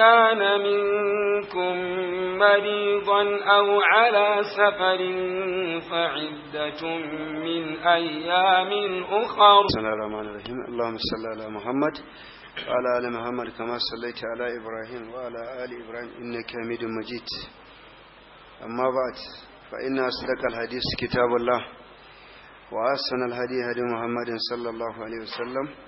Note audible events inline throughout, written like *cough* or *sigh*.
كان منكم مريضا أو على سفر فعدة من أيام أخر بسم الله الرحمن الرحيم اللهم صل على محمد وعلى آل محمد كما صليت على إبراهيم وعلى آل إبراهيم إنك حميد مجيد أما بعد فإن أصدق الحديث كتاب الله وأحسن الهدي هدي محمد صلى الله عليه وسلم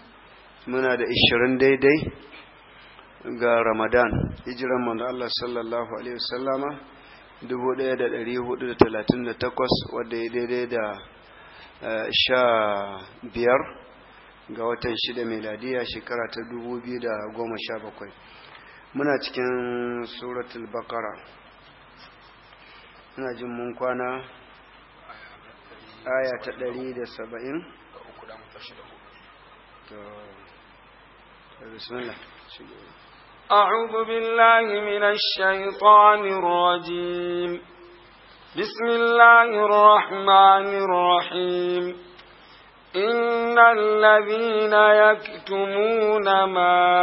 muna da 20 daidai ga ramadan hijiran manzo Allah sallallahu alaihi wasallama 1438 wadda ya daidai da eh, sha biyar ga watan shida ladiya shekara ta 2017 muna cikin suratul bakara muna jin mun kwana aya ta 173 da بسم الله أعوذ بالله من الشيطان الرجيم بسم الله الرحمن الرحيم إن الذين يكتمون ما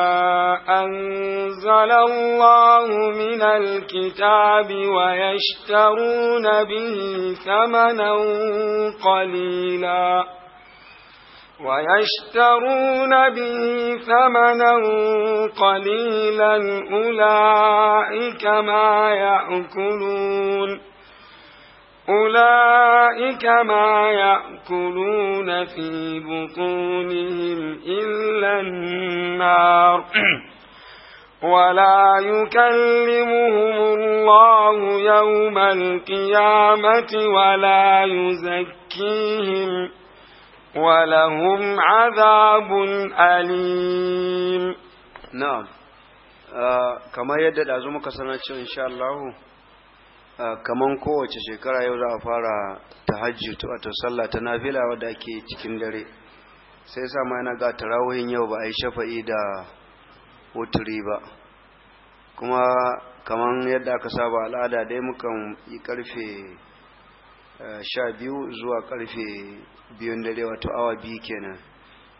أنزل الله من الكتاب ويشترون به ثمنا قليلاً ويشترون به ثمنا قليلا أولئك ما يأكلون أولئك ما يأكلون في بطونهم إلا النار *clears throat* ولا يكلمهم الله يوم القيامة ولا يزكيهم ولهم عذاب أليم نعم كما يدد أزوم كسنة إن شاء الله kaman kowace shekara yau za a fara tahajjud wato sallah ta nafila wadda ake cikin dare sai sa ma yana ga tarawihin yau ba a yi shafa'i da wuturi ba kuma kaman yadda aka saba al'ada dai muka yi karfe sha biyu zuwa karfe biyun dare wato awa biyu kenan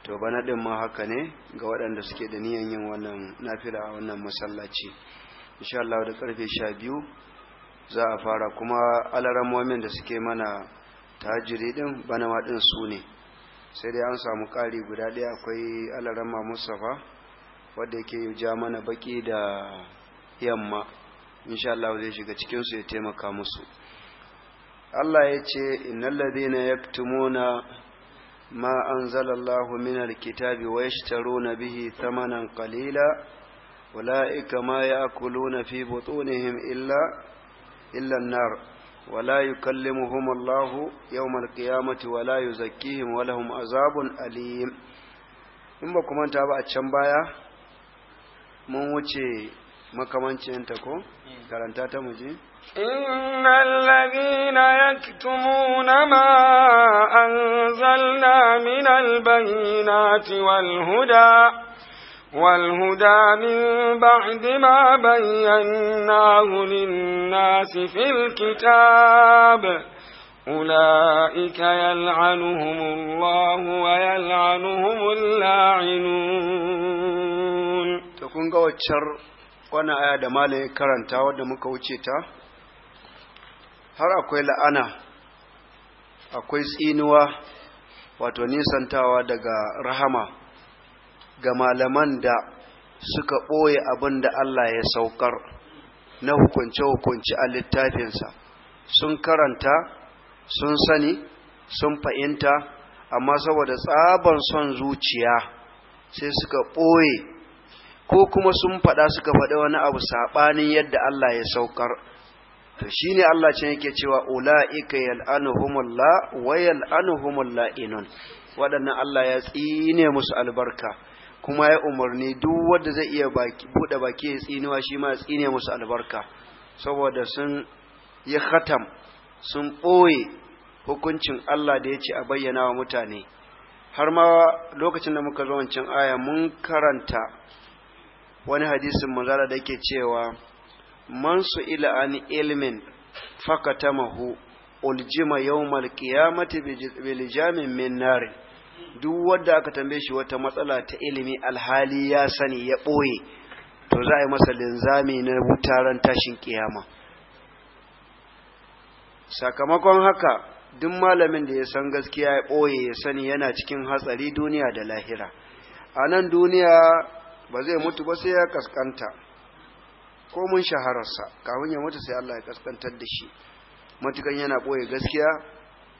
to bana din ma haka ne ga waɗanda suke da niyan yin wannan nafila a wannan masallaci insha Allah da karfe 12 za a fara kuma alaran da suke mana tajiri din bana ma din su ne sai dai an samu kari guda ɗaya akwai alaran ma Mustafa wanda yake ja mana baki da yamma insha Allah zai shiga cikin su ya taimaka musu Allah ya ce innal ladhina yaktumuna ma anzalallahu minal kitabi wa yashtaruna bihi thamanan kalila ulaika ma ya'kuluna fi butunihim illa illa nar wala la yukallimuhum Allah yawmal qiyamati wa la yuzakkihim wa azabun alim in ba kuma ba a can baya mun wuce makamancin ta ko hmm. karanta ta muje إن الذين يكتمون ما أنزلنا من البينات والهدى والهدى من بعد ما بيناه للناس في الكتاب أولئك يلعنهم الله ويلعنهم اللاعنون تكون قوة شر وانا آية دمالي كرنتا ودمك وشيتا har akwai la'ana akwai tsinuwa wato nisantawa daga rahama ga malaman da suka ɓoye abin da Allah ya saukar na hukunce-hukunce a littafinsa sun karanta sun sani sun fahimta amma saboda tsaban son zuciya sai suka ɓoye ko kuma sun faɗa suka faɗi wani abu saɓanin yadda Allah ya saukar to shine Allah can yake cewa ulaika yal'anuhumullah wa yal'anuhumul inon waɗannan Allah ya tsine musu albarka kuma ya umarni duk wanda zai iya buɗe baki ya tsinewa shi ma ya tsine musu albarka saboda sun yi khatam sun ɓoye hukuncin Allah da ya ce a bayyana wa mutane har ma lokacin da muka zo wancan aya mun karanta wani hadisin manzara da yake cewa man su ila an ilmin mahu uljima yawmal qiyamati bil jamin min duk wanda aka tambaye shi wata matsala ta ilimi alhali ya sani ya ɓoye to za a yi masa linzami na wutaren tashin kiyama sakamakon haka duk malamin da ya san gaskiya ya ɓoye ya sani yana cikin hatsari duniya da lahira a nan duniya ba zai mutu ba sai ya kaskanta ko mun shahararsa kafin ya mutu sai Allah ya kaskantar da shi matukan yana boye gaskiya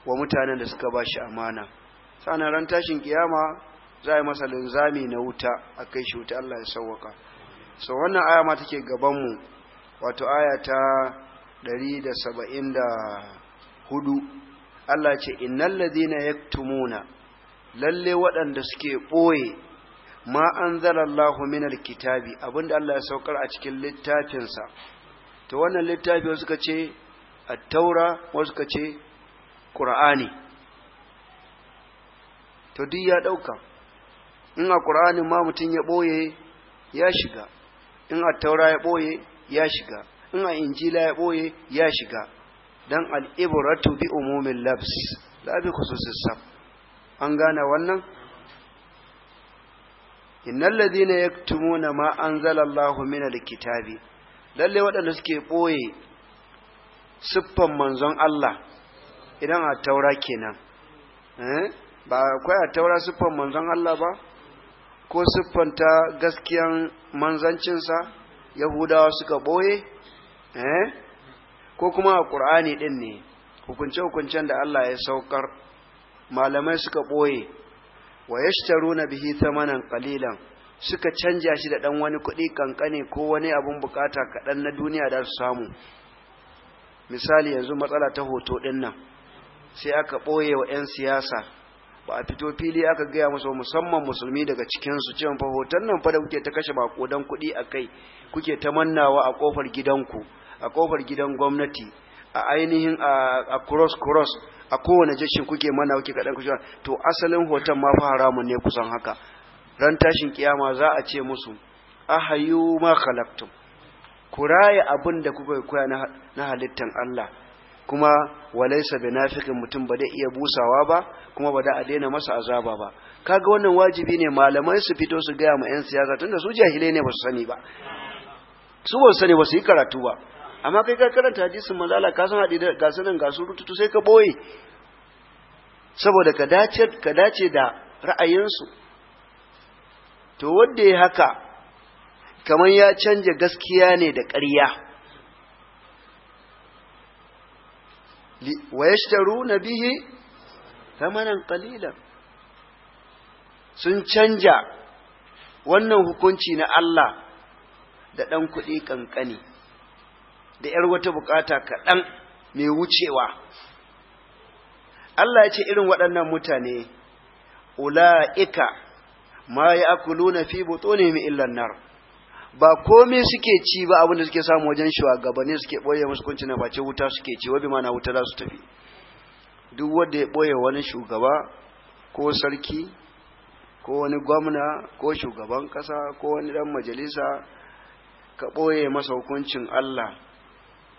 wa mutanen da suka ba shi amana sanan ran tashin kiyama za a yi masa linzami na wuta a kai shi wuta Allah ya sauwaka so wannan aya ma take gaban mu wato aya ta 174 Allah ce innal ladina yaktumuna lalle waɗanda suke boye ma an anzalallahu minar kitabi abinda Allah ya saukar a cikin littafinsa to wannan littafi wasu ka ce a taura wasu ka ce ƙura'ani to duk ya ɗauka. in a ƙura'ani ma mutum ya ɓoye, ya shiga in a taura ya ɓoye, ya shiga in a injila ya ɓoye, ya shiga dan al'ibu ratu bi umumin labs labi bi sam an gane wannan inna alladhina yaktumuna ma Allahu min alkitabi lalle waɗanda suke boye siffan manzon Allah idan a taura kenan eh ba akwai a taura siffan manzon Allah ba ko ta gaskiyan sa yahudawa suka ɓoye eh ko kuma a ƙur'ani ɗin ne hukunce-hukuncen da Allah ya saukar malamai suka boye wa yashtaruna bihi thamanan qalilan suka canja shi da dan wani kuɗi kankane ko wani abun bukata kaɗan na duniya da su samu misali yanzu matsala ta hoto ɗin nan sai aka ɓoye wa 'yan siyasa ba a fito fili aka gaya musu musamman musulmi daga cikinsu cewa fa hoton nan fa da kuke ta kashe bakodan kuɗi a kai kuke ta mannawa a kofar gidanku a ƙofar gidan gwamnati a ainihin a cross cross a kowane jashin kuke mana kuke kaɗan kushe to asalin hoton ma fa haramun ne kusan haka ran tashin kiyama za a ce musu ahayu ma khalaqtum ku raye abin da kuka koya na halittan Allah kuma walaysa binafiqin mutum ba dai iya busawa ba kuma ba da a daina masa azaba ba kaga wannan wajibi ne malamai su fito su gaya ma 'yan siyasa tunda su jahilai ne ba su sani ba su ba su sani ba su yi karatu ba amma kai ka karanta hadisin manzo ka san hadisi ga sanan ga surutu sai ka boye saboda ka dace ka dace da ra'ayinsu to wanda ya haka kamar ya canja gaskiya ne da ƙarya wa yashtaru nabihi thamanan qalilan sun canja wannan hukunci na Allah da ɗan kuɗi ƙanƙani da ‘yar wata bukata kaɗan mai wucewa. Allah ya ce irin waɗannan mutane, ula'ika ma ya akulu fi buto ne mai illan nar, ba komai suke ci ba abinda suke samu wajen shugabanni suke ɓoye musu kunci na face wuta suke ci, wabi mana wuta za su tafi. Duk wanda ya ɓoye wani shugaba ko sarki ko wani gwamna ko shugaban ƙasa ko wani ɗan majalisa ka ɓoye masa hukuncin Allah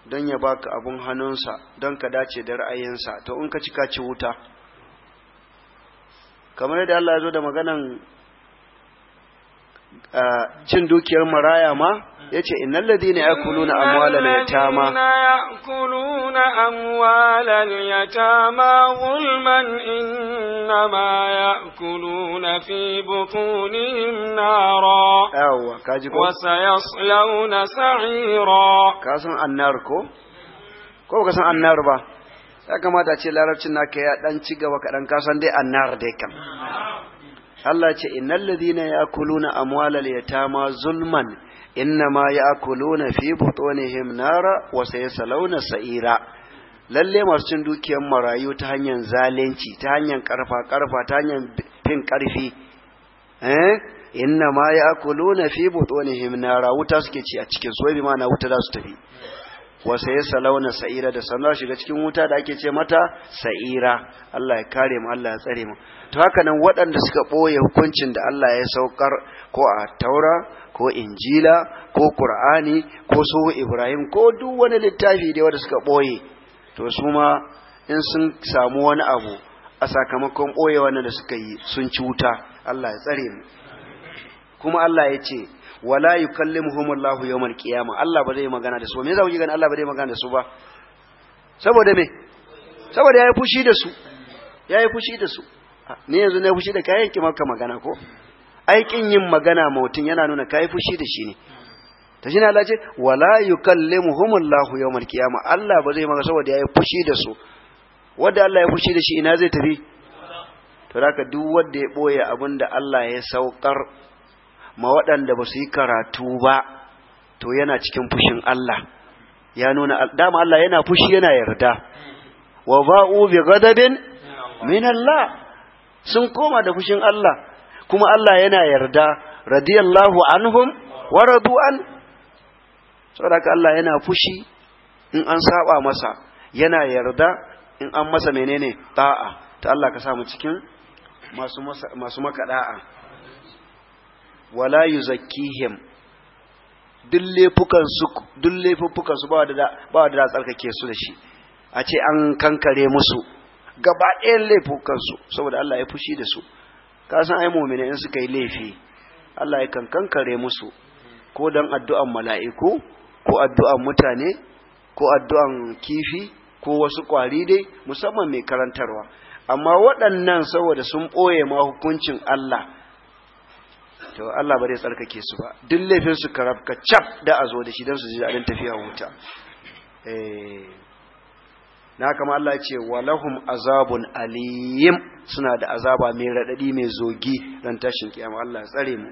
don ya baka abun hannunsa don ka dace da ra'ayinsa to in ka ci ka ci wuta kamar yadda Allah ya zo da maganan ah, cin dukiyar maraya ma yace innal ladina yakuluna amwalal yatama yakuluna amwalal yatama zulman innama yakuluna fi butunihim nara yawa kaji ko wasayaslawna sa'ira kasan annar ko ko ka san annar ba ya kamata ce larabcin naka ya dan ci gaba kaɗan kasan dai annar dai kam Allah ce innal ladina yakuluna amwalal yatama zulman innama ya'kuluna fi butunihim nara wa sayasalawna sa'ira lalle masu cin dukiyar marayu ta hanyar zalunci ta hanyar karfa karfa ta hanyar fin karfi eh innama ya'kuluna fi butunihim nara wuta suke ci a cikin su bi ma'ana wuta za su tafi wa sayasalawna sa'ira da sanar shiga cikin wuta da ake ce mata sa'ira Allah ya kare mu Allah ya tsare mu to haka nan waɗanda suka ɓoye hukuncin da Allah ya saukar ko a taura ko injila ko qur'ani ko suhu ibrahim ko duk wani littafi da wanda suka boye to su ma in sun samu wani abu a sakamakon boye wannan da suka yi sun ci wuta Allah ya tsare mu kuma Allah ya ce wala yukallimuhumullahu yawmal qiyamah Allah ba zai magana da su ba me yasa kuke ganin Allah ba zai magana da su ba saboda me saboda yayi fushi da su yayi fushi da su ah, ne yanzu na fushi da kayan ki maka magana ko aikin yin magana ma mutum yana nuna kai fushi da shi ne shi ne Allah ce wala yukallimuhumullahu yawmal qiyama Allah ba zai maka saboda yayi fushi da su wanda Allah ya fushi da shi ina zai tafi to haka duk wanda ya boye abin da Allah ya saukar ma waɗanda ba su yi karatu ba to yana cikin fushin Allah ya nuna dama Allah yana fushi yana yarda wa ba'u bi ghadabin min Allah sun koma da fushin Allah kuma Allah yana yarda radiyallahu anhum wa radu'an saboda Allah yana fushi in an saba masa yana yarda in an masa menene da'a ta Allah ka sa mu cikin masu masu maka da'a wala yuzakkihim duk laifukan su ba da tsarkake su da shi a ce an kankare musu gaba ɗayan su saboda Allah ya fushi da su ka san ai mu'mini in suka yi laifi Allah ya kankare musu ko dan addu'an mala'iku ko addu'an mutane ko addu'an kifi ko wasu kwari dai musamman mai karantarwa amma waɗannan saboda sun ɓoye ma hukuncin Allah to Allah bare tsarkake su ba duk laifin su karabka cap da a zo da shi dan su ji daɗin tafiya wuta eh na kama Allah ce walahum azabun aliyim suna da azaba mai raɗaɗi mai zogi don tashin kiyama Allah tsare mu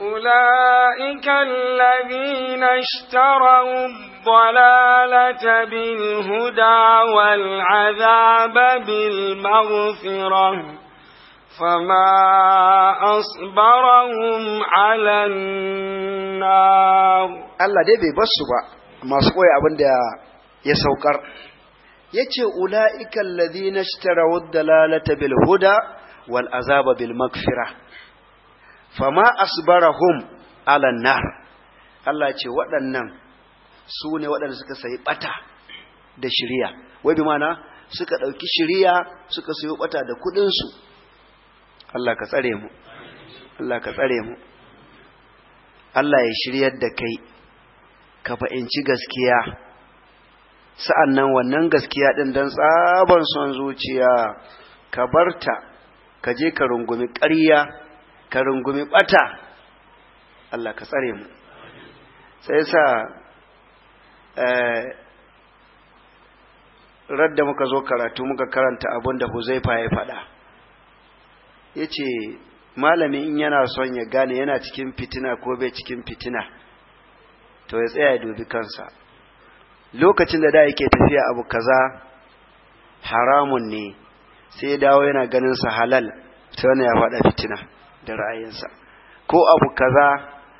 أولئك الذين اشتروا الضلالة بالهدى والعذاب بالمغفرة فما أصبرهم على النار الله دي بس ما سقوي أبن يسوكر yace ulaika ladina ishtaraw ad-dalalata bil huda wal azaba bil maghfira fama asbarahum ala nar Allah ce waɗannan su ne waɗanda suka sayi bata da shiriya wai bi mana suka ɗauki shiriya suka sayo bata da kuɗinsu. su Allah ka tsare mu Allah ka tsare mu Allah ya shiryar da kai ka fa'inci gaskiya sa'an nan wannan gaskiya ɗin don tsaban son zuciya ka barta ka je ka rungumi ƙarya ka rungumi ɓata Allah ka tsare mu sai sa eh, radda muka zo karatu muka karanta abin da huzaifa ya faɗa ya ce malami in yana son ya gane yana cikin fitina ko bai cikin fitina to ya tsaya ya dubi kansa lokacin da da yake tafiya abu kaza haramun ne sai dawo yana ganin sa halal sai wannan ya fada fitina da ra'ayinsa ko abu kaza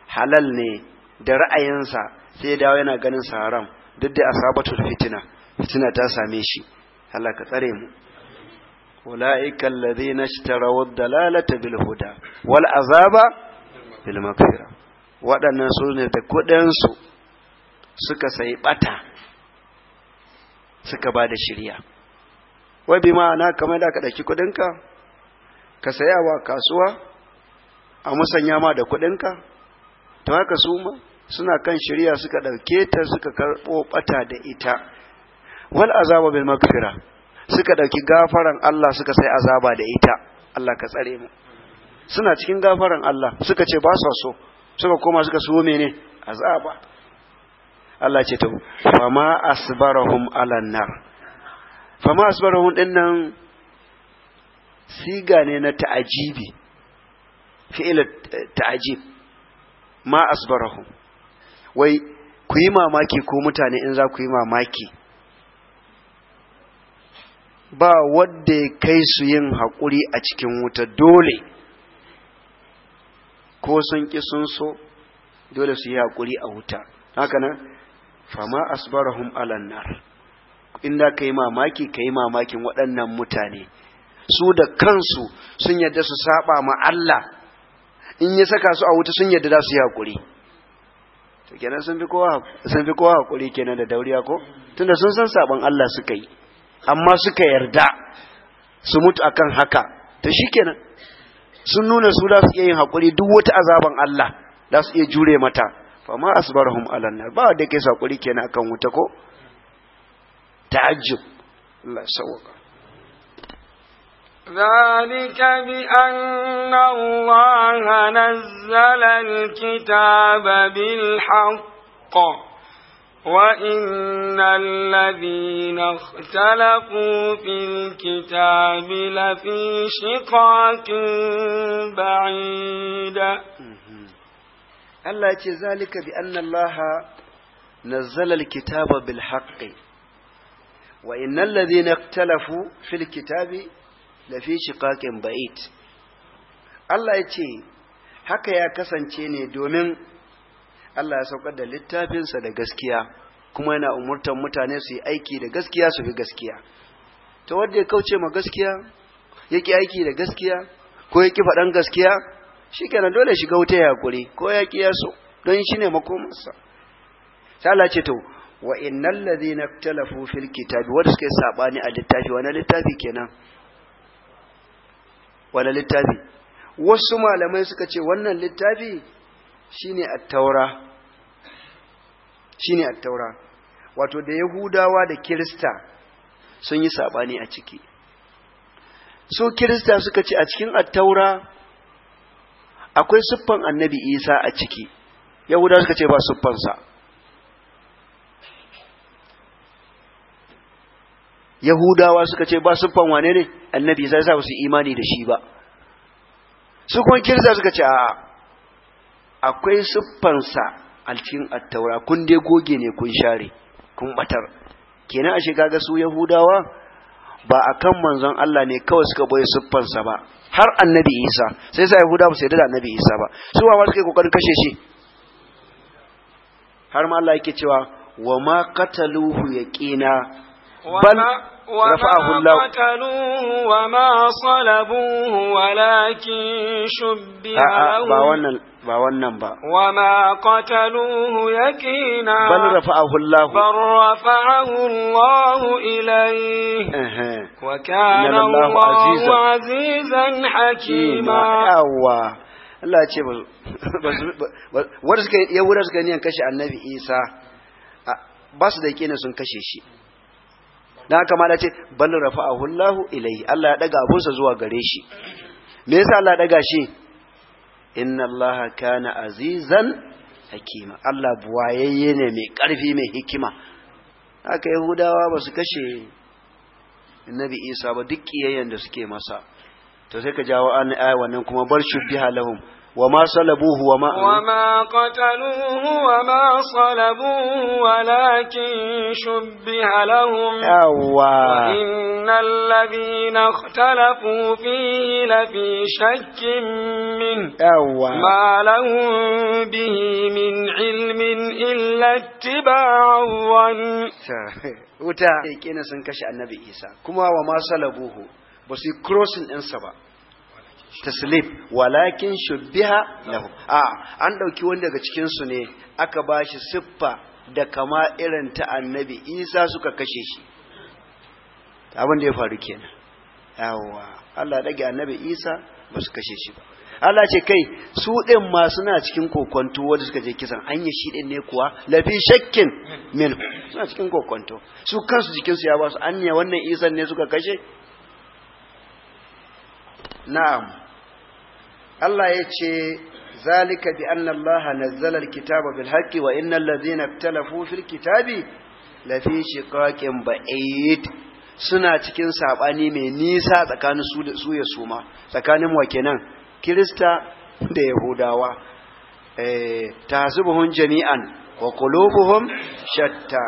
halal ne da ra'ayinsa sai dawo yana ganin sa haram duk da asabatul fitina fitina ta same shi Allah ka tsare mu ad-dalalata bil huda wal azaba bil بالمغفرة waɗannan su ne da kuɗinsu suka sai bata suka ba da shirya wai bi ma'ana kamar da ka ɗauki kuɗinka ka saya wa kasuwa a musanya ma da kuɗinka to haka su ma suna kan shirya suka ɗauke ta suka karɓo ɓata da ita wal azaba bil magfira suka ɗauki gafaran Allah suka sai azaba da ita Allah ka tsare mu suna cikin gafaran Allah suka ce ba so suka koma suka so menene azaba Allah ce to fama asbarahum ala nar fama asbarahum dinnan siga ne na ta'ajibi fi'il ta'ajib ma asbarahum wai ku yi mamaki ko mutane in za ku yi mamaki ba wadda ya kai su yin haƙuri a cikin wuta dole ko sun ki sun so dole su yi haƙuri a wuta haka nan fama asbarahum alan nar inda kai mamaki kai mamakin waɗannan mutane su da kansu sun yadda su saba ma Allah in ya saka su a wuta sun yadda za su yi hakuri to kenan sun fi kowa sun fi kowa hakuri kenan da dauriya ko tunda sun san saban Allah suka yi amma suka yarda su mutu akan haka to shikenan sun nuna su za su iya yin hakuri duk wata azaban Allah za su iya jure mata fama asbarahum ala nar ba da ke sakuri kenan kan wuta ko ta'ajjub Allah sawaka ذلك بأن الله نزل الكتاب بالحق وإن الذين اختلفوا في الكتاب لفي شقاق بعيد Allah ya ce zalika bi anna Allah nazzala alkitaba bil haqqi wa innal na ikhtalafu fil kitabi lafi shiqaqin ba'id Allah ya ce haka ya kasance ne domin Allah ya saukar da littafinsa da gaskiya kuma yana umurtar mutane su yi aiki da gaskiya su bi gaskiya ta wanda ya kauce ma gaskiya yake aiki da gaskiya ko yake faɗan gaskiya shi kenan dole shiga wuta ya hakuri ko ya ki so don shi ne makomarsa sala ce to wa innal ladhina ikhtalafu fil kitabi wanda suke sabani a littafi wani littafi kenan wani littafi wasu malamai suka ce wannan littafi shine at-taura shine at-taura wato da yahudawa da kirista sun yi sabani a ciki su kirista suka ce a cikin at-taura akwai siffan annabi isa a ciki yahuda suka ce ba siffansa yahudawa suka ce ba siffan wane ne annabi isa sa su imani da shi ba su kuma kirza suka ce a akwai siffansa a cikin attaura kun dai goge ne kun share kun batar kenan a kaga su yahudawa ba a kan manzon Allah ne kawai suka boye siffansa ba har annabi Isa sai sai Yahuda ba su yarda da annabi Isa ba su ba suke kokarin kashe shi har ma Allah yake cewa wa ma qataluhu yaqina bal رفعه الله قتلوه وما صلبوه ولكن شبه لهم ba wannan ba. Wa ma qataluhu yakina. Bal rafa'ahu Allah. Bal rafa'ahu Allah ilayhi. Wa kana Allahu azizan hakima. Yawwa. Allah ce ba wanda suka yawura suka niyan kashe Annabi Isa ba su da yakina sun kashe shi. na haka ma ce bal rafa'ahu Allahu ilayhi Allah ya daga abunsa zuwa gare shi me yasa Allah ya daga shi inna Allah kana azizan hakima Allah buwayayye ne mai karfi mai hikima haka Yahudawa ba su kashe annabi Isa ba duk kiyayen da suke masa to sai ka jawo an ayi wannan kuma bar shubbiha lahum وما صلبوه وما وما قتلوه وما صلبوه ولكن شبه لهم وإن الذين اختلفوا فيه لفي شك منه ما لهم به من علم إلا اتباع الظن wuta ya kena sun kashe annabi isa kuma wa ma salabuhu ba su yi crossing ɗinsa ba taslib walakin shubbiha lahu a an dauki wanda daga cikin su ne aka ba shi siffa da kama irin ta annabi Isa suka kashe shi abin da ya faru kenan yawa Allah dage annabi Isa ba su kashe shi ba Allah ce kai su din ma suna cikin kokonto wanda suka je kisan anya shi din ne kuwa fi shakkin min suna cikin kokonto su kansu jikin su ya ba su anya wannan Isa ne suka kashe na'am Allah ya ce zalika bi anna Allah nazzalar alkitaba bil haqqi wa innal ladhina ikhtalafu fil kitabi lafi shiqaqin ba'id suna cikin sabani mai nisa tsakanin su da su ya suma tsakanin wa kenan kirista da yahudawa eh tahsubuhum jami'an wa qulubuhum shatta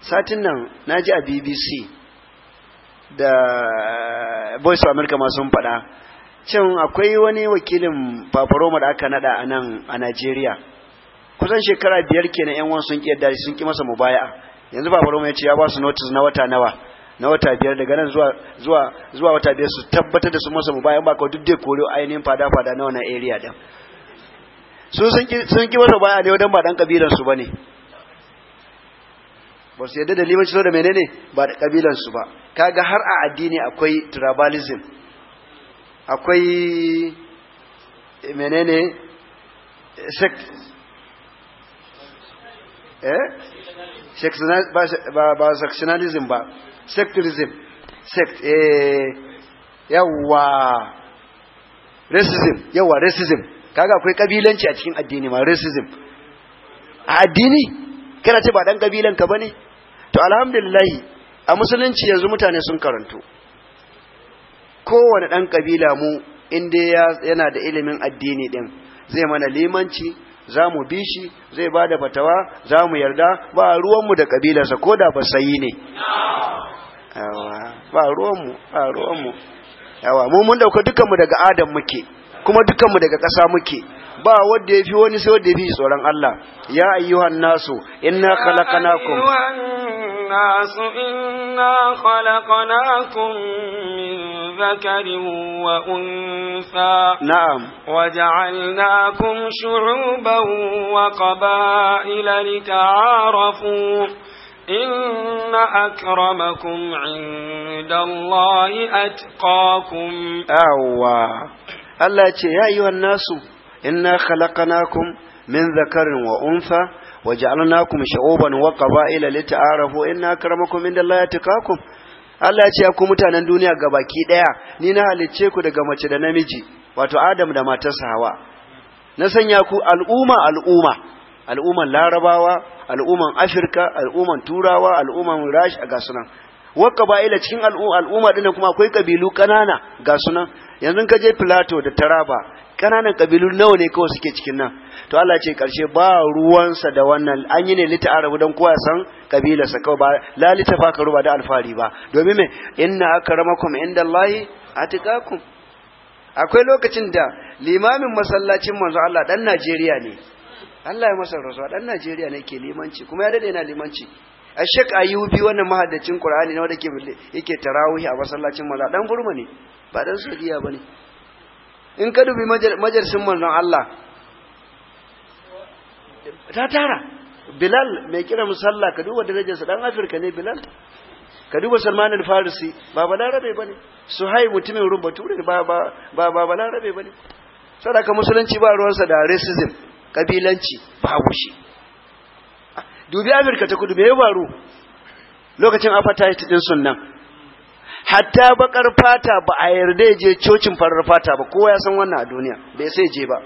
satin nan naji a BBC da Voice of America ma sun faɗa can akwai wani wakilin faforoma da aka nada a nan a Najeriya kusan shekara biyar kenan yan wani sun kiyar sun ki masa mubaya'a yanzu faforoma ya ce ya ba su notice na wata nawa na wata biyar daga nan zuwa zuwa zuwa wata biyar su tabbatar da su masa mubaya'a ba ka duk da kore ainihin fada fada na wannan area din su sun ki sun ki masa baya ne wadan ba dan kabilan su bane ba su yadda da limanci da menene ba da kabilan su ba kaga har a addini akwai tribalism akwai menene sect eh ba sectionalism ba sectorism sect eh yawa racism yawa racism kaga akwai kabilanci a cikin addini ma racism a addini kana ce ba dan kabilan ka bane to alhamdulillah a musulunci yanzu mutane sun karantu kowane ɗan ƙabila mu in dai yana da ilimin addini ɗin zai mana limanci za mu bi shi zai ba da fatawa za mu yarda ba ruwanmu da ƙabilarsa ko da basayi ne ba ruwanmu ba ruwanmu yawa mu mun dauka dukanmu daga adam muke kuma dukanmu daga ƙasa muke ba wanda ya fi wani sai wanda ya fi tsoron Allah ya ayyuhan nasu inna khalaqnakum الناس إنا خلقناكم من ذكر وأنثى نعم وجعلناكم شعوبا وقبائل لتعارفوا إن أكرمكم عند الله أتقاكم أوا الله يا أيها الناس إنا خلقناكم من ذكر وأنثى waja'alnakum shu'uban wa qaba'ila lita'arafu inna akramakum indallahi atqakum Allah ya ce ku mutanen duniya gabaki daya ni na halicce ku daga mace da namiji wato Adam da matarsa Hawa na sanya ku al'umma al'umma al'umman Larabawa al'umman Afirka al'umman Turawa al'umman Rash ga sunan wa qaba'ila cikin al'umma dinan kuma akwai kabilu kanana ga sunan yanzu ka je Plateau da Taraba kananan kabilu nawa ne kawai suke cikin nan to Allah ce karshe ba ruwansa da wannan an yi ne arabu dan kowa san kabilarsa kawai ba la fa ba da alfari ba domin me inna akramakum indallahi atiqakum akwai lokacin da limamin masallacin manzo Allah dan Najeriya ne Allah ya masa rasuwa dan Najeriya ne ke limanci kuma ya dade yana limanci Ashek Ayubi wannan mahaddacin Qur'ani ne wanda yake tarawih a masallacin manzo dan Burma ne ba dan Saudiya bane in ka dubi majalisin manzon Allah ta tara bilal mai kira musalla ka duba darajarsa dan afirka ne bilal ka duba salman al-farisi ba ne bane suhai mutumin rum ne ba ba ba balarabe bane sadaka musulunci ba ruwansa da racism kabilanci ba shi dubi afirka ta kudu mai baro. lokacin apartheid din sunnan hatta bakar fata ba a yarda je cocin farar fata ba kowa ya san wannan a duniya bai sai je ba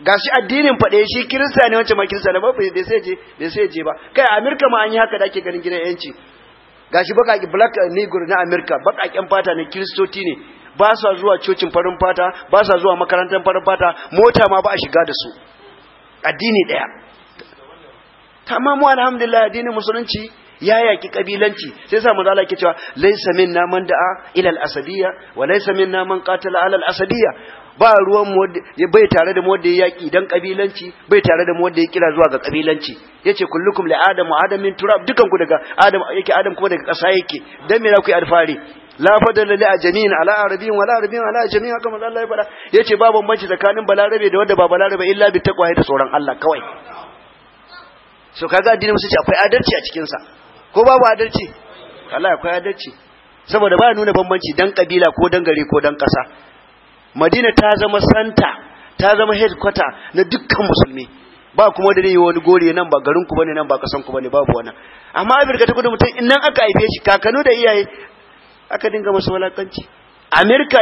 gashi addinin faɗe shi kirista ne wancan ma kirista ne ba bai sai je bai sai je ba kai Amerika ma an yi haka da ake ganin gidan yanci gashi baka black eh, negro na Amerika baka kyan fata ne kiristoti ne ba sa zuwa cocin farin fata ba sa zuwa makarantar farin fata mota ma ba a shiga da su addini daya tamamu alhamdulillah addinin musulunci ya yaki kabilanci sai sa manzo Allah yake cewa laysa minna man da'a ila al-asabiyya wa laysa minna man qatala ala al-asabiyya ba ruwan mu bai tare da mu wanda ya yaki dan kabilanci bai tare da mu wanda ya kira zuwa ga kabilanci yace kullukum li adam wa adam min turab dukan ku daga adam yake adam kuma daga kasa yake dan me za ku alfari la fadala li ajamin ala arabin wala arabin ala jami'a kama Allah ya fada yace ba bambanci tsakanin balarabe da wanda ba balarabe illa bi taqwa da tsoron Allah kawai so kaga addinin ce akwai adalci a cikin sa ko babu adalci Allah akwai adalci saboda ba nuna bambanci dan kabila ko dan gari ko dan kasa Madina ta zama santa ta zama headquarter na dukkan musulmi ba kuma da yi wani gori nan ba garin ku bane nan ba kasan ku bane babu wannan amma Afirka ta kudu mutum in nan aka haife shi kakanu da iyaye aka dinga masa walakanci amerika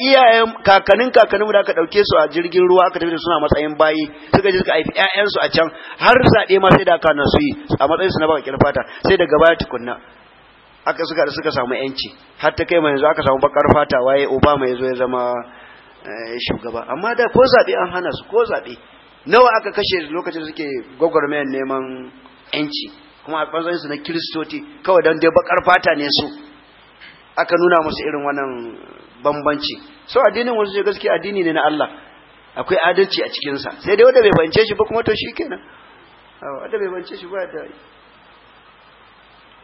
iyayen kakannin kakanninmu da aka dauke su a jirgin ruwa aka tafi da suna matsayin bayi suka je suka haifi su a can har zaɓe ma sai da aka nasu yi a matsayin su na baƙaƙen fata sai daga baya tukunna aka suka da suka samu yanci har ta kai yanzu aka samu bakar fata waye obama ya zo ya zama eh, shugaba amma da ko zaɓe an hana su ko zaɓe nawa aka kashe lokacin suke gwagwarmayar neman yanci kuma a ɓangaren su na kiristoci kawai don dai bakar fata ne su aka nuna musu irin wannan bambanci so addinin wasu ce gaskiya addini ne na Allah akwai adalci a cikinsa sai dai wanda bai bance shi ba kuma to shi kenan wanda bai bance shi ba da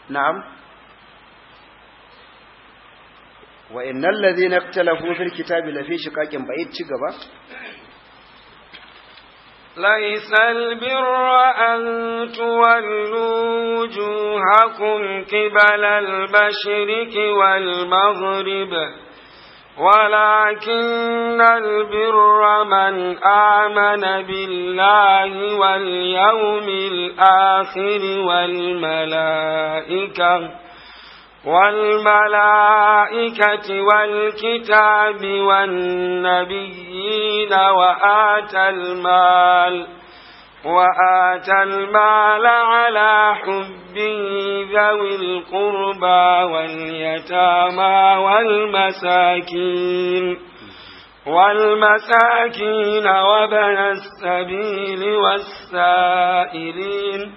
na'am wa innal ladhina ikhtalafu fil kitabi lafi shiqaqin ba'id ci gaba ليس البر أن تولوا وجوهكم قبل المشرك والمغرب ولكن البر من آمن بالله واليوم الآخر والملائكة والملائكة والكتاب والنبيين وآتى المال وآت المال على حبه ذوي القربى واليتامى والمساكين والمساكين وابن السبيل والسائلين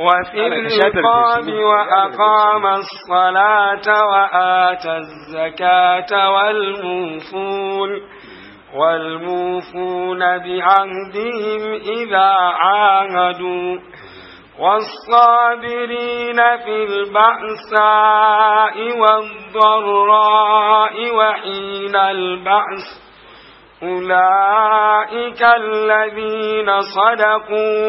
وفي المقام وأقام الصلاة وآتى الزكاة والموفون والموفون بعهدهم إذا عاهدوا والصابرين في البأساء والضراء وحين البأس أولئك الذين صدقوا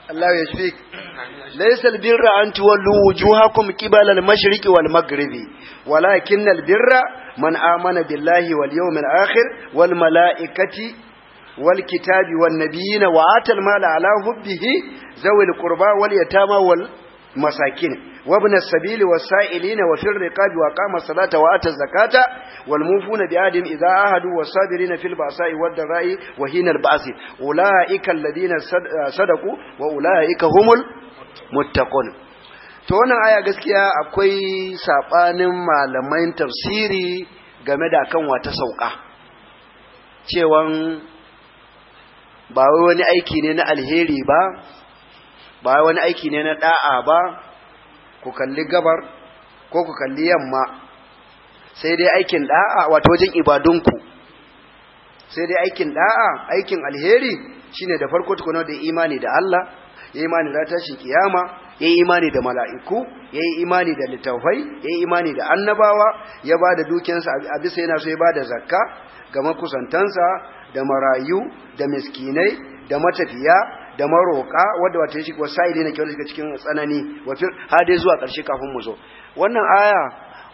Allah ya shfik laysa albirra an tuwallu wujuhakum qibala al-mashriqi wal maghribi walakin albirra man amana billahi wal yawmil akhir wal malaikati wal kitabi wan nabiyina wa atal mala ala hubbihi zawil qurba wal yatama wal masakin وابن السبيل والسائلين وفي الرقاب وقام الصلاة وآت الزكاة والموفون بعهدهم إذا أهدوا والصابرين في البعصاء والدراء وهين البعص أولئك الذين صدقوا وأولئك هم المتقون to wannan aya gaskiya akwai sabanin malaman tafsiri game da kan wata sauka cewan ba wani aiki ne na alheri ba ba wani aiki ne na da'a ba ku kalli gabar ko ku kalli yamma sai dai aikin da'a wato wajen ibadunku sai dai aikin da'a aikin alheri shine da farko tukuna da imani da Allah yayi imani da tashin kiyama yayi imani da mala'iku yayi imani da littafai yayi imani da annabawa ya ba bada sa a bisa yana so ya ba da zakka ga makusantansa da marayu da miskinai da matafiya da maroka wadda wata ya shiga wasa'ili na kyau cikin tsanani wa fir zuwa ƙarshe kafin mu zo wannan aya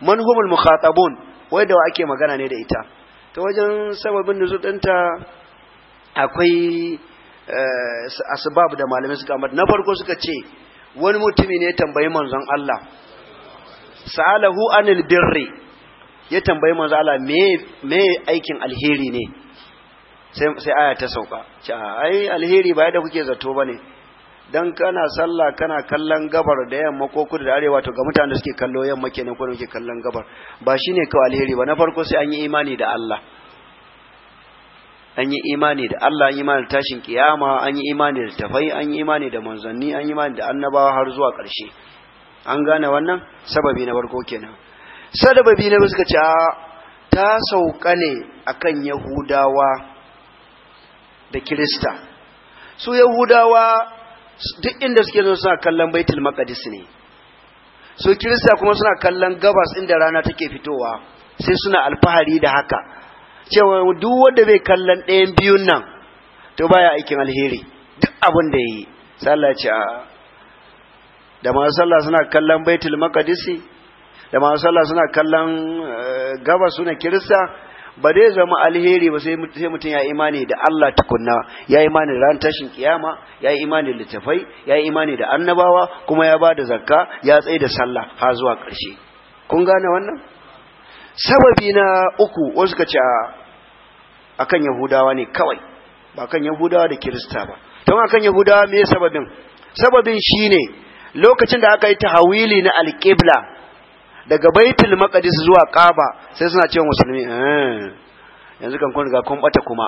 manhumul mukhatabun wadda ake magana ne da ita ta wajen sababin nuzul akwai eh, asbab da malamai suka amma na farko suka ce wani mutumi ne tambayi manzon Allah sa'alahu anil birri ya tambayi manzon Allah me me aikin alheri ne sai sai aya ta sauka ce ai alheri ba yadda kuke zato bane dan kana sallah kana kallon gabar da yamma ko kudu da arewa to ga mutanen da suke kallo yamma kenan ko suke kallon gabar ba shine kawai alheri ba na farko sai an yi imani da Allah an yi imani da Allah an yi imani da tashin kiyama an yi imani da tafai an yi imani da manzanni an yi imani da annabawa har zuwa ƙarshe an gane wannan sababi na farko kenan sababi na suka ce ta sauka ne akan yahudawa da kirista su yahudawa duk inda suke zo suna kallon baitul maqdis ne su kirista kuma suna kallon gabas inda rana take fitowa sai suna alfahari da haka cewa duk wanda bai kallon ɗayan biyun nan to baya aikin alheri duk abin da yi sallah ce a da masu sallah suna kallon baitul maqdis da masu sallah suna kallon eh, gabas suna kirista ba zai zama alheri ba sai mutum ya imani da Allah tukunna ya imani da ran tashin kiyama ya imani da littafai ya imani da annabawa kuma ya ba da zakka ya tsaye da sallah har zuwa ƙarshe kun gane wannan sababi na uku wasu ka ce akan yahudawa ne kawai ba kan yahudawa da kirista ba don akan yahudawa me sababin sababin shine lokacin da aka yi tahawili na alƙibla daga baitul maqdis zuwa kaba sai suna cewa musulmi eh, yanzu kan kun riga kun bata kuma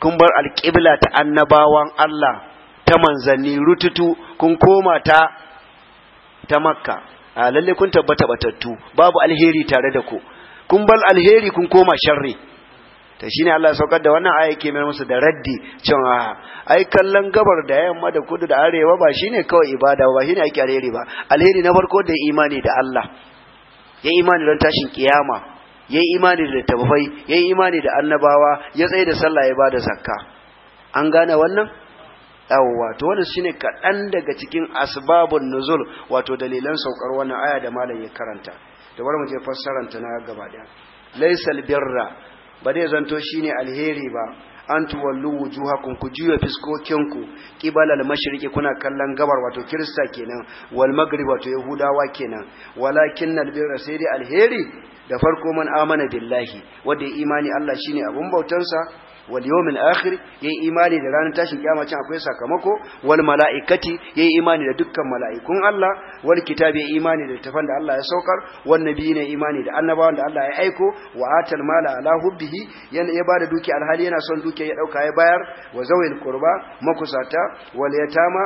kun bar alqibla ta annabawan Allah ta manzanni rututu kun koma ta ta makka a lalle kun tabbata batattu babu alheri tare da ku kun bar alheri kun koma sharri ta shine Allah saukar da wannan aya yake mai musu da raddi cewa ai kallon gabar da yamma da kudu da arewa ba shine kawai ibada ba shine ake alheri ba alheri na farko da imani da Allah ya imani don tashin kiyama ya imani da tabbai ya imani da annabawa ya tsaye da sallah ya bada zakka an gane wannan yawwa to wannan shine kaɗan daga cikin asbabun nuzul wato dalilan saukar wannan aya da malam ya karanta da bari mu je fassaranta na gaba daya laysal birra ba dai zanto shine alheri ba an tuwallu wujuhakum ku juya fiskokinku Kibalal al-mashriqi kuna kallon gabar wato kirista kenan wal maghrib wato yahudawa kenan walakin al-birra sai dai alheri da farko man amana billahi wanda imani Allah shine abun bautansa wal yawmil akhir yayi imani da ranar tashin kiyama akwai sakamako wal malaikati yayi imani da dukkan mala'ikun Allah wal kitabi yayi imani da tafan da Allah ya saukar wan nabiyina imani da annabawan da Allah ya aiko wa atal mala ala hubbihi yana ya bada duki alhali yana son duki ya dauka ya bayar wa zawil qurba makusata wal yatama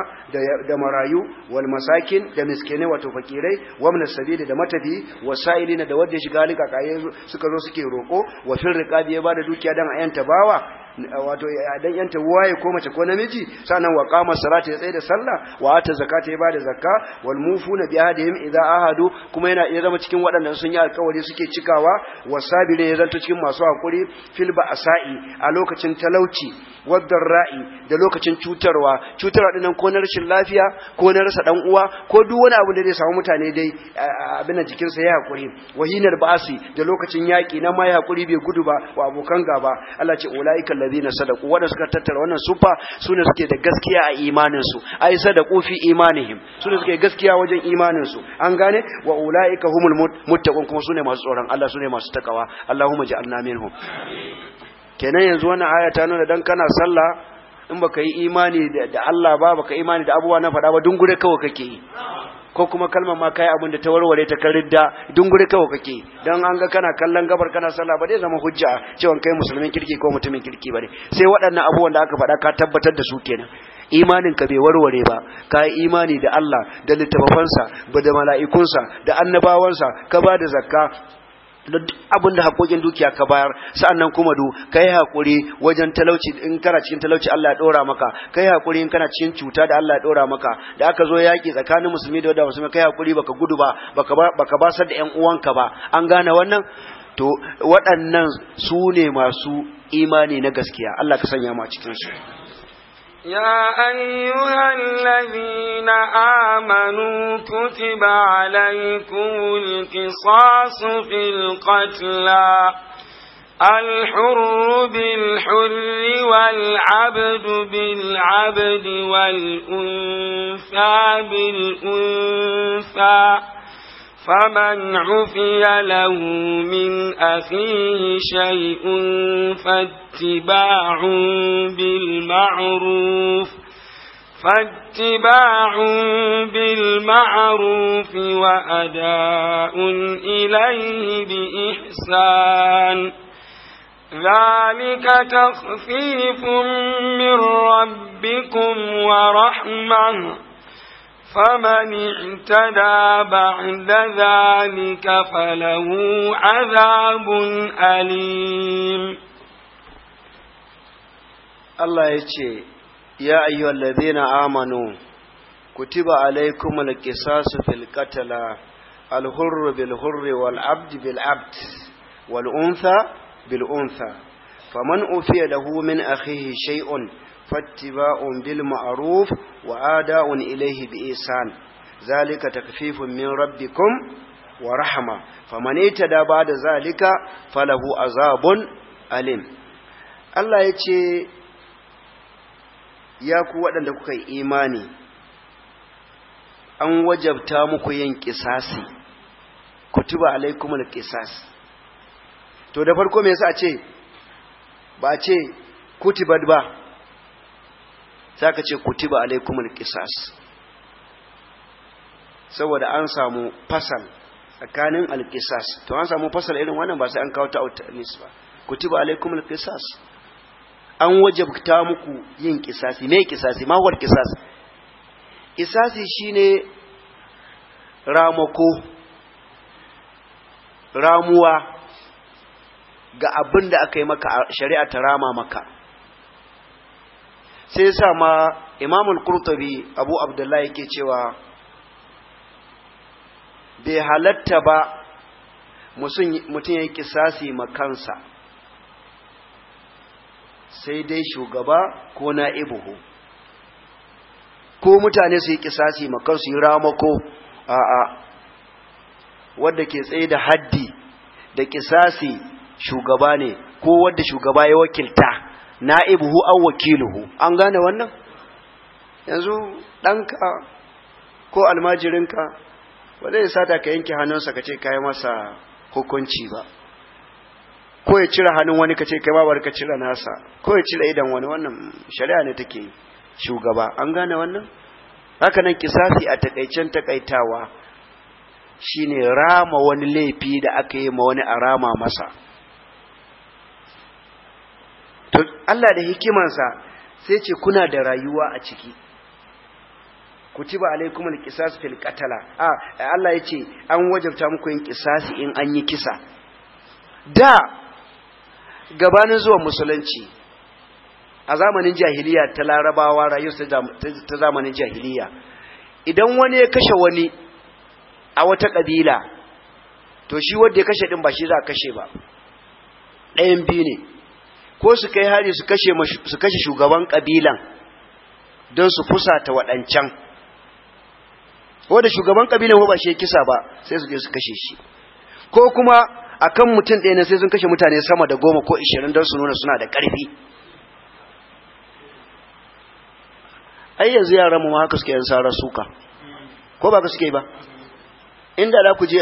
da marayu wal masakin da miskine wato fakirai wa min sabili da matafi wa sa'ilina da wanda shiga lika kayan suka zo suke roko wa fil riqabi ya bada dukiya dan ayanta bawa wato dan yanta waye ko mace ko namiji sanan wa qama salati ya da sallah wa ata zakata ya bada zakka wal mufuna bi ahdihim idza ahadu kuma yana ya zama cikin waɗannan sun yi alƙawari suke cikawa wasabire ya zanta cikin masu hakuri fil ba'sa'i a lokacin talauci waddar ra'i da lokacin cutarwa cutarwa dinnan ko na rashin lafiya ko na rasa dan uwa ko duk wani abu da zai samu mutane dai abin da jikinsa ya hakuri wahinar basi da lokacin yaƙi na ma ya hakuri bai gudu ba wa abokan gaba Allah ce ulaiikal alladhina sadaqu wanda suka tattara wannan sufa sune suke da gaskiya a imanin su ai sadaqu fi imanihim sune suke gaskiya wajen imanin su an gane wa ulaika humul muttaqun kuma sune masu tsoron Allah sune masu takawa Allahumma ja'alna minhum kenan yanzu wannan aya ta nuna dan kana sallah in baka yi imani da Allah ba baka imani da abubuwa na faɗa ba dungure kawai kake yi ko kuma kalmar ma kai abin da ta warware ta karidda dungure kawai kake don an ga kana kallon gabar kana sallah ba dai zama hujja cewa kai musulmin kirki ko mutumin kirki ba ne, sai waɗannan abubuwan da aka faɗa ka tabbatar da su kenan imanin ka bai warware ba ka imani da Allah da littafansa da mala'ikunsa da annabawansa ka ba da zakka duk abin da haƙoƙin dukiya ka bayar sa'annan kuma du kai haƙuri wajen talauci in kana cikin talauci Allah ya dora maka kai haƙuri in kana cikin cuta da Allah ya dora maka da aka zo yaki tsakanin musulmi da wanda musulmi kai haƙuri baka gudu ba baka baka basar da ƴan uwanka ba an gane wannan to waɗannan su ne masu imani na gaskiya Allah ka sanya mu a cikin su يا أيها الذين آمنوا كتب عليكم القصاص في القتلى الحر بالحر والعبد بالعبد والأنثى بالأنثى فمن عفي له من أخيه شيء فاتباع بالمعروف فاتباع بالمعروف وأداء إليه بإحسان ذلك تخفيف من ربكم ورحمه فمن اعتدى بعد ذلك فله عذاب أليم الله يتشي يا أيها الذين آمنوا كتب عليكم القصاص في القتل الهر بالهر والعبد بالعبد والأنثى بالأنثى فمن أفيده له من أخيه شيء fattiba'un bil ma'ruf wa ada'un ilayhi bi ihsan zalika takfifun min rabbikum wa rahma faman itada ba'da zalika falahu azabun alim Allah yace ya waɗanda kuka yi imani an wajabta muku yin kisasi kutuba alaikumul kisas to da farko me yasa ce ba a ce kutiba ba sai aka ce kutiba alaikumul qisas saboda an samu fasal tsakanin alqisas to an samu fasal irin wannan ba sai an kawo ta'awunis ba kutiba alaikumul qisas an wajabta muku yin kisasi me kisasi ma war qisas kisasi shine ramako ramuwa ga abin da aka yi maka shari'a ta rama maka sai sa ma imamul qurtubi abu abdullahi yake cewa bai halatta ba mutum ya kisasi makansa sai dai shugaba ko na'ibuhu ko mutane su yi kisasi makansu yi ramako a'a wadda ke tsaye da haddi da kisasi shugaba ne ko wadda shugaba ya wakilta na'ibuhu aw wakiluhu an gane wannan yanzu ɗanka ko almajirinka ba zai sata ka yanke hannunsa ka ce kai masa hukunci ba ko ya cire hannun wani ka ce kai babar ka cire nasa ko ya cire idan wani wannan shari'a ne take shugaba an gane wannan haka nan kisasi a takaicen takaitawa shine rama wani laifi da aka yi ma wani a rama masa to Allah da hikimansa sai ce kuna da rayuwa a ciki kutiba alaikum alqisas fil qatala a Allah yace an wajabta muku yin qisasi in an yi kisa da gabanin zuwa musulunci a zamanin jahiliya ta larabawa rayuwar ta zamanin jahiliya idan wani ya kashe wani a wata kabila to shi wanda ya kashe din ba shi za a kashe ba ɗayan biyu ne ko su kai hari su kashe su kashe shugaban kabilan don su fusata waɗancan ko da shugaban kabilan ba shi kisa ba sai su je su kashe shi ko kuma akan mutum ɗaya ne sai sun kashe mutane sama da goma ko ishirin don su nuna suna da ƙarfi ai yanzu yaran mu haka suke yin sara suka ko ba ka suke ba inda da ku je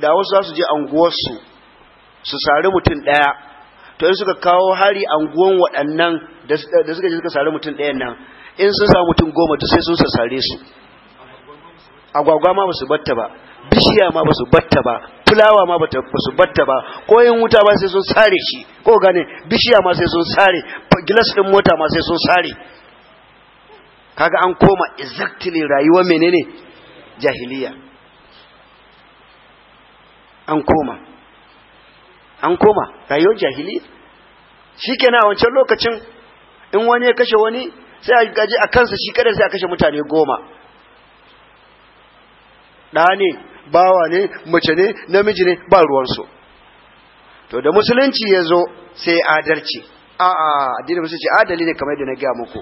da wasu za su je anguwarsu su sari mutum ɗaya to in suka kawo hari guwan waɗannan da suka je suka sare mutum ɗayan nan in sun samu mutum goma to sai sun sassare su agwagwa ma ba su batta ba bishiya ma ba su batta ba fulawa ma ba su batta ba koyin wuta ma sai sun sare shi ko gane bishiya ma sai sun sare gilas ɗin mota ma sai sun sare kaga an koma exactly rayuwa menene jahiliya an koma an koma rayuwar jahili shi kenan a wancan lokacin in wani ya kashe wani sai a gaji a kansa shi kadai sai a kashe mutane goma ɗa ne bawa ne mace ne namiji ne ba ruwansu to da musulunci ya zo sai adalci a'a da musulunci adali ne kamar yadda na gaya muku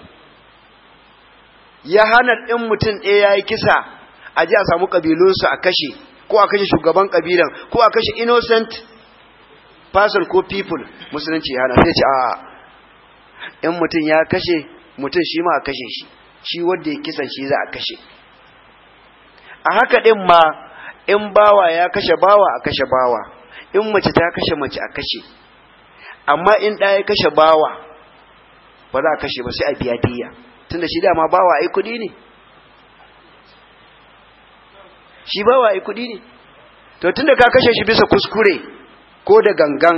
ya hana ɗin mutum ɗaya ya yi kisa a ji a samu ƙabilunsu a kashe ko a kashe shugaban ƙabilan ko a kashe innocent person ko people musulunci yana sai ce a'a in mutum ya kashe mutum shi ma a kashe shi shi wanda ya kisan shi za a kashe a haka din ma in bawa ya kashe bawa a kashe bawa in mace ta kashe mace a kashe amma in ɗaya kashe bawa ba za a kashe ba sai a biya diya tunda shi dama bawa ai kuɗi ne shi bawa ai kuɗi ne to tunda ka kashe shi bisa kuskure ko da gangan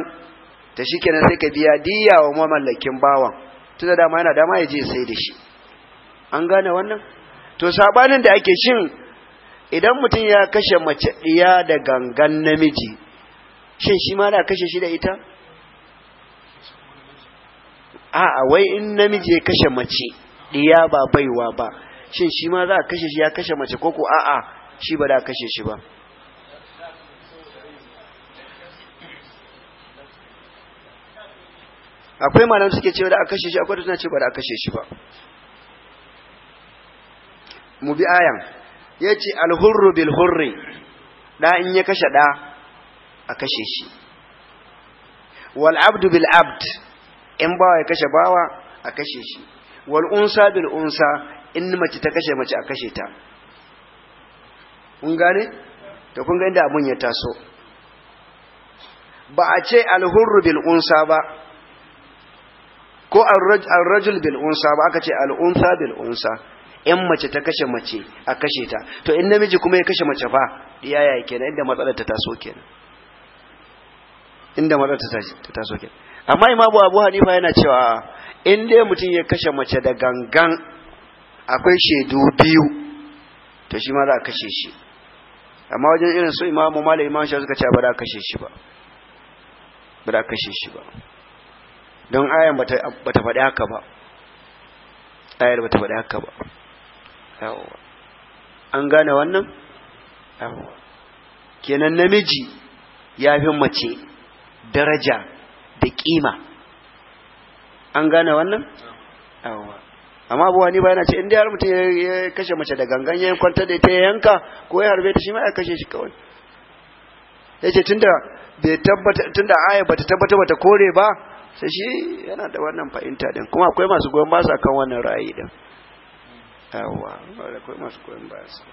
ta shi kenan sai ka biya diya wa mamallakin bawan tun da dama yana dama ya je sai da shi an gane wannan to sabanin da ake shin idan mutum ya kashe mace diya da gangan namiji shin shi ma na kashe shi da ita a'a wai in namiji ya kashe mace diya ba baiwa ba shin shi ma za a kashe shi ya kashe mace ko ko a'a shi ba da kashe shi ba akwai malam suke cewa da aka kashe shi akwai da suna cewa da aka kashe shi ba mu bi ayan yace al-hurru bil hurri da in ya kashe da a kashe shi wal abdu bil abd in bawa ya kashe bawa a kashe shi wal unsa bil unsa in mace ta kashe mace a kashe ta kun gane to kun ga inda abun ya taso ba a ce al hurru bil unsa ba ko al-rajul bil unsa ba aka ce al-unsa bil unsa in mace ta kashe mace a kashe ta to in namiji kuma ya kashe mace ba, ya ya kenan inda matsalar ta taso kenan inda matsalar ta taso kenan amma imamu abu hanifa yana cewa in dai mutum ya kashe mace da gangan akwai shaidu biyu to shi ma za a kashe shi amma wajen irin su imamu malai imam shi suka ce ba za a kashe shi ba ba za a kashe shi ba don ayan bata ta faɗi haka ba ayar bata faɗi haka ba an gane wannan kenan namiji ya fi mace daraja da kima an gane wannan amma abuwa ni ba ce inda har mutum ya kashe mace da gangan ya kwanta da ta ya yanka ko ya harbe ta shi ma ya kashe shi kawai ya ce bai tabbata tunda aya bata tabbata bata kore ba sai shi yana da wannan fahimta din kuma akwai masu goyon ba sa kan wannan ra'ayi din yawa akwai masu goyon ba su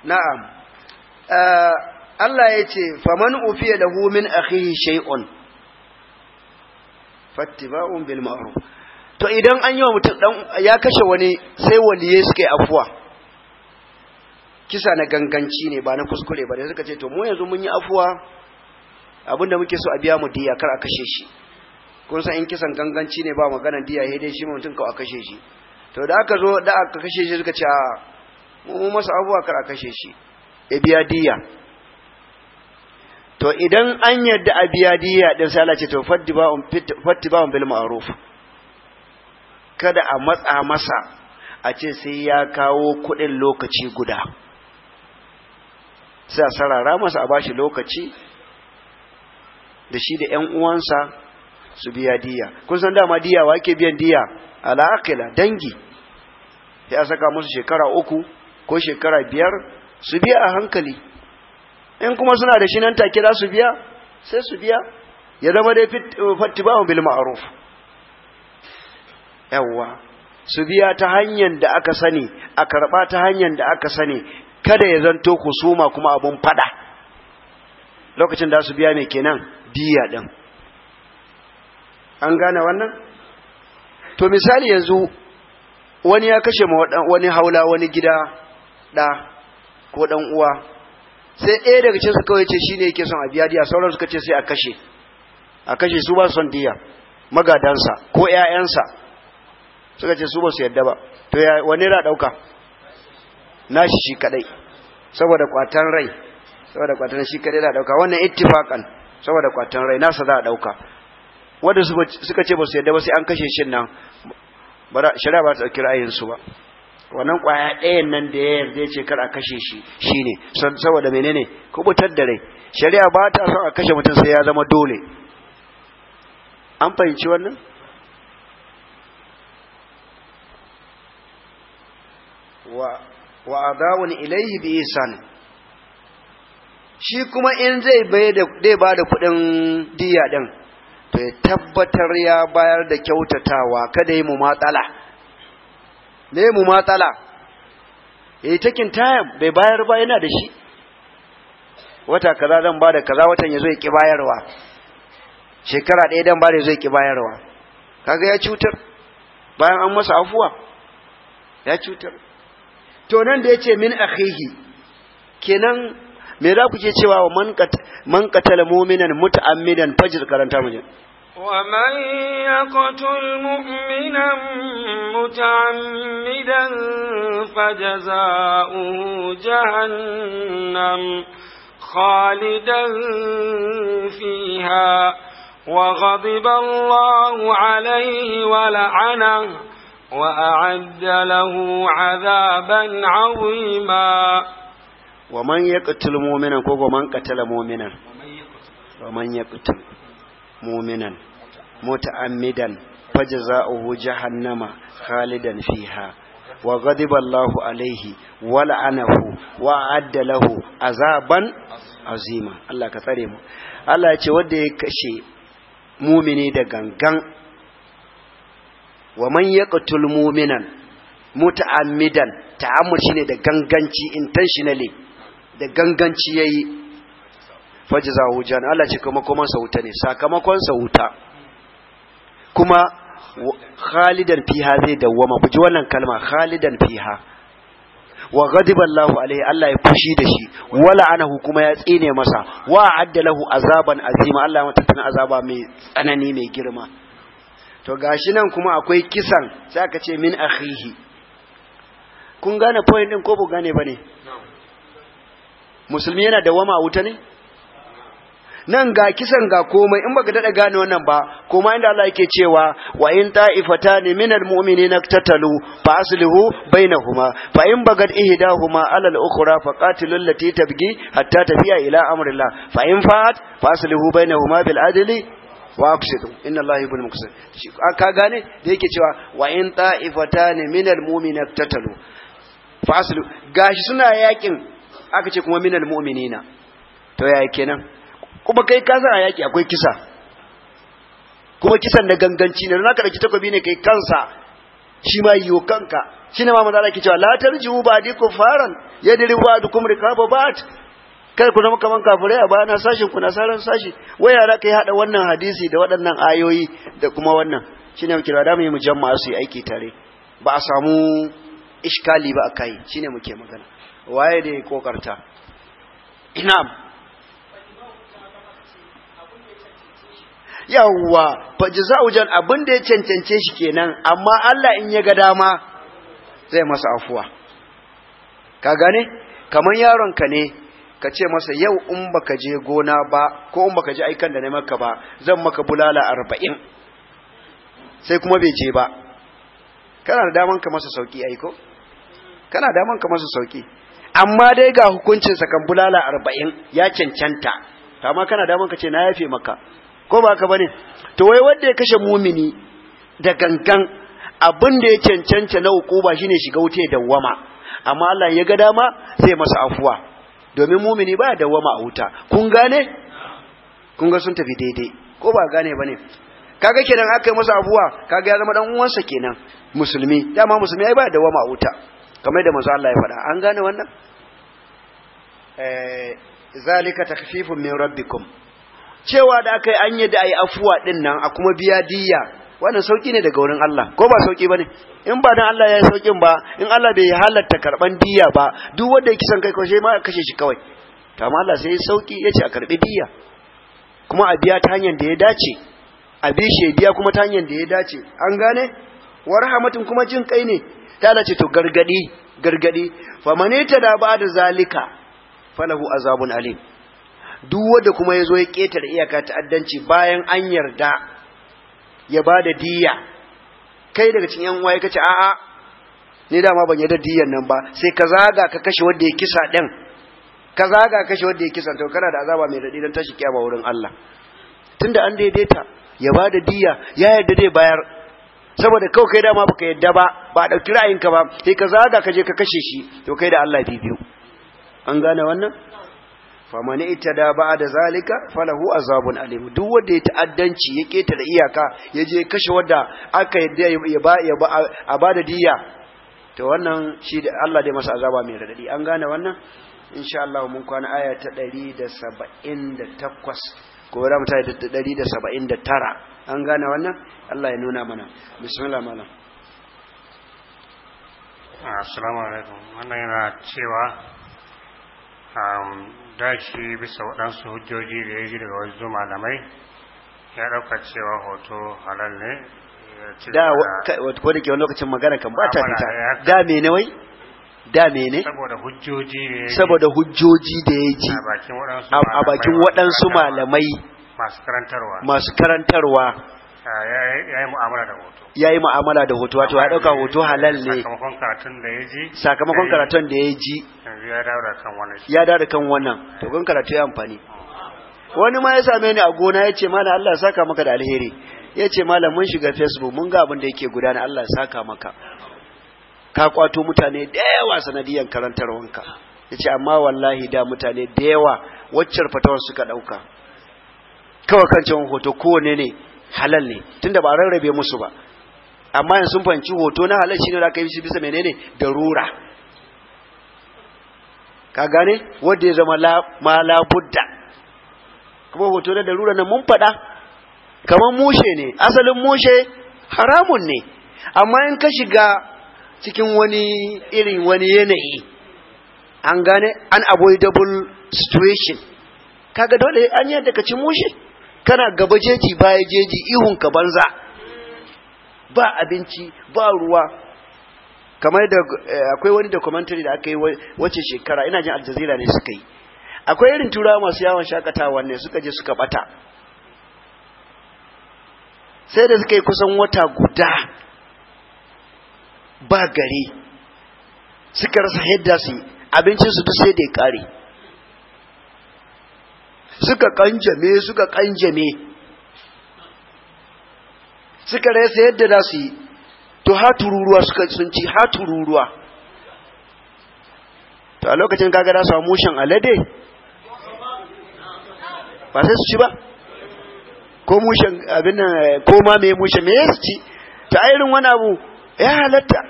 na'am eh, Allah ya ce faman ufiya lahu min akhihi shay'un fattiba'un bil ma'ruf to idan an yi wa mutum dan ya kashe wani sai waliye suke afuwa kisa na ganganci ne ba na kuskure ba da suka ce to mu yanzu mun yi afuwa abinda muke so a biya mu diya kar a kashe shi kun san in kisan ganganci ne ba maganar diya sai dai shi mutum kawai a kashe shi to da aka zo da aka kashe shi suka ce a mu masa abuwa kar a kashe shi e biya diya to idan an yarda a biya diya din sai Allah ce to fattiba'un fattiba'un bil ma'ruf kada a matsa masa a ce sai ya kawo kuɗin lokaci guda sai a sarara masa a bashi lokaci da shi da ‘yan uwansa su biya diya kun san dama diya wa ake biyan diya ala'akila dangi ya saka musu shekara uku ko shekara biyar su biya a hankali in kuma suna da shi nan take za su biya sai su biya ya zama dai eh, fattibahun bil ma'ruf yawwa su biya ta hanyar da aka sani a karɓa ta hanyar da aka sani kada ya zanto kusuma kuma abun fada lokacin da su biya mai kenan diya ɗin an gane wannan to misali yanzu wani ya kashe ma wani haula wani gida ɗa ko ɗan uwa sai ɗaya daga cikin su kawai ce shine yake son a biya diya sauran suka ce sai a kashe a kashe su ba son diya magadansa ko ƴaƴansa suka ce su ba su yadda ba to ya wani ra dauka nashi shi kadai saboda kwatan rai saboda kwatan shi kadai da dauka wannan ittifaqan saboda kwatan rai nasa za a dauka wanda suka ce ba su yadda ba sai an kashe shi nan shari'a ba ta dauki ra'ayin su ba wannan kwaya ɗayan nan da ya yarda ce kar a kashe shi shine saboda menene kubutar da rai shari'a ba ta son a kashe mutum sai ya zama dole an fahimci wannan wa adawun ilayhi bi isan shi kuma in zai ba da kuɗin diya ɗin to ya tabbatar ya bayar da kyautatawa kada yi mu matsala ne mu matsala ya yi takin tayan bai bayar ba yana da shi wata kaza zan ba da kaza watan ya zo ya ƙi bayarwa shekara ɗaya dan ba da zai ki ya ƙi bayarwa kaga ya cutar bayan an masa afuwa ya cutar to nan da yace min akhihi kenan me za ku ke cewa wa man qatala mu'minan muta'ammidan fajr karanta mu je wa man yaqtul mu'minan muta'ammidan fajza'u jahannam khalidan fiha wa ghadiba Allahu alayhi wa la'ana. وأعد له عذابا عظيما ومن يقتل مؤمنا كوكو من قتل مؤمنا ومن يقتل مؤمنا متعمدا فجزاؤه جهنم خالدا فيها وغضب الله عليه ولعنه وأعد له عذابا عظيما الله كثير الله يقول wanda ya kashe wa man yaqtul mu'minan muta'ammidan ta'ammud shine da ganganci intentionally da ganganci yayi fajzahu jan Allah ce kuma kuma sauta ne sakamakon sauta kuma khalidan fiha zai dawwama buji wannan kalma khalidan fiha wa ghadiba Allahu alaihi Allah ya fushi da shi wala anahu kuma ya tsine masa wa adda azaban azima Allah ya mata azaba mai tsanani mai girma to gashi nan kuma akwai kisan sai aka ce min akhihi kun gane point din ko bu gane bane musulmi yana da wama wuta ne nan ga kisan ga komai in baka dada gane wannan ba kuma inda Allah yake cewa wa in ta'ifatan min mu'minina tatalu fa aslihu bainahuma fa in bagad ihdahuma ala al-ukhra fa qatilu allati tabghi hatta tafiya ila amrillah fa in fa'at fa aslihu bainahuma bil adli wa aqsidu inna allaha yuhibbul muqsit ka gane da yake cewa wa in ta'ifatan al mu'minina tatalu fa aslu gashi suna yakin aka ce kuma al mu'minina to yaya kenan kuma kai ka san a yaki akwai kisa kuma kisan da ganganci ne naka dauki takobi ne kai kansa shi ma yiwo kanka ne ma maza Allah ke cewa la tarjiu di kufaran yadribu ba'dukum rikaba ba'd Kar ku zama kaman kafirai a bayan sashin ku na saran sashi wai yara kai hada wannan hadisi da waɗannan ayoyi da kuma wannan shine muke da mu yi mujamma su yi aiki tare ba a samu iskali ba kai shine muke magana waye da ya kokarta ina yawwa fa jaza'u jan abin da ya cancance shi kenan amma Allah in ya ga dama zai masa afuwa ka gane kaman yaron ka ne ka ce masa yau in baka je gona ba ko in baka je aikan da na maka ba zan maka bulala arba'in sai kuma bai je ba kana da daman ka masa sauki aiko kana da daman ka masa sauki amma dai ga hukuncin sa kan bulala arba'in ya cancanta To amma kana daman ka ce na yafe maka ko ba ka bane to wai wanda ya kashe mumini da gangan abin da ya cancanta na hukuma shine shiga wuta ya dawwama amma Allah ya ga dama sai masa afuwa domin mumini ba da wama a wuta kun gane kun ga sun tafi daidai ko ba gane bane kaga kenan aka yi masa abuwa kaga ya zama dan uwansa kenan musulmi dama musulmi ai ba da wama a wuta kamar da manzo Allah ya faɗa an gane wannan eh zalika takfifun min rabbikum cewa da aka yi an yi da ai afuwa din nan a kuma biya diyya wannan sauki ne daga wurin Allah ko ba sauki bane in ba dan Allah ya yi saukin ba in Allah bai halatta karban diya ba duk wanda yake son kai ko sai ma kashe shi kawai to amma Allah sai ya sauki yace a karbi diya kuma a biya ta hanyar da ya dace a bi shi biya kuma ta hanyar da ya dace an gane wa kuma jin kai ne ta dace to gargadi gargadi fa manita da ba da zalika falahu azabun alim duk wanda kuma zo ya ketare iyaka ta'addanci bayan an yarda ya ba da diya kai daga cikin yan waye kace a'a ni dama ban yarda diyan nan ba sai ka zaga ka kashe wanda ya kisa din ka zaga ka kashe wanda ya kisa to kana da azaba mai radadi dan tashi kiyama wurin Allah tunda an daidaita ya ba da diya ya yarda dai bayar saboda kau kai dama baka yarda ba ba dauki ra'ayinka ba sai ka zaga ka je ka kashe shi to kai da Allah bibiyu an gane wannan famani itada da zalika falahu azabun alim duk wanda ya ta'addanci ya ketare iyaka ya je kashe wanda aka yadda ya ba ya ba a diya to wannan shi da Allah dai masa azaba mai radadi an gane wannan insha Allah mun kwana aya ta 178 ko ra mutai da 179 an gane wannan Allah ya nuna mana bismillah malam assalamu alaikum wannan yana cewa um, da bisa waɗansu hujjoji da ya ji daga wasu malamai ya ɗauka cewa hoto halal ne da ko da ke wani lokacin magana kan ba ta fita da me ne wai da me ne saboda hujjoji ne saboda hujjoji da ya ji a bakin waɗansu malamai masu karantarwa ya yi mu'amala da hoto wato ya dauka hoto halal ne sakamakon karatun da ya ji ya ji kan wannan karatu ya amfani wani ma ya same ni a gona ya ce mana Allah saka maka da alheri ya ce malam mun shiga facebook mun ga abin da yake gudana Allah saka maka ka kwato mutane da yawa sanadiyan wanka ya ce amma wallahi da mutane da yawa waccar fatawar suka ɗauka. kawai kan cewa hoto kowane ne halal ne tunda ba rarrabe musu ba amma yanzu sun fanci hoto na halal shine zaka yi shi bisa menene darura ka gane wanda ya zama la ma la budda kuma hoto na darura nan mun faɗa kamar mushe ne asalin mushe haramun ne amma in ka shiga cikin wani irin wani yanayi an gane an avoidable situation kaga dole an yadda ka ci mushe kana gaba jeji baya jeji ihun ka banza ba abinci ba ruwa kamar da eh, akwai wani documentary da aka yi wace shekara ina jin aljazira ne suka yi akwai irin turawa masu yawon shakatawa ne suka je suka bata sai da suka yi kusan wata guda ba gari suka rasa yadda su abincinsu duk sai da ya kare suka kanjame suka kanjame suka rasa yadda za su yi to ha tururuwa suka sun ci tururuwa to a lokacin kaga za su samu shan alade ba sai su ci ba ko mushen abin nan ko ma me mushen me su ci ta irin wani abu ya halatta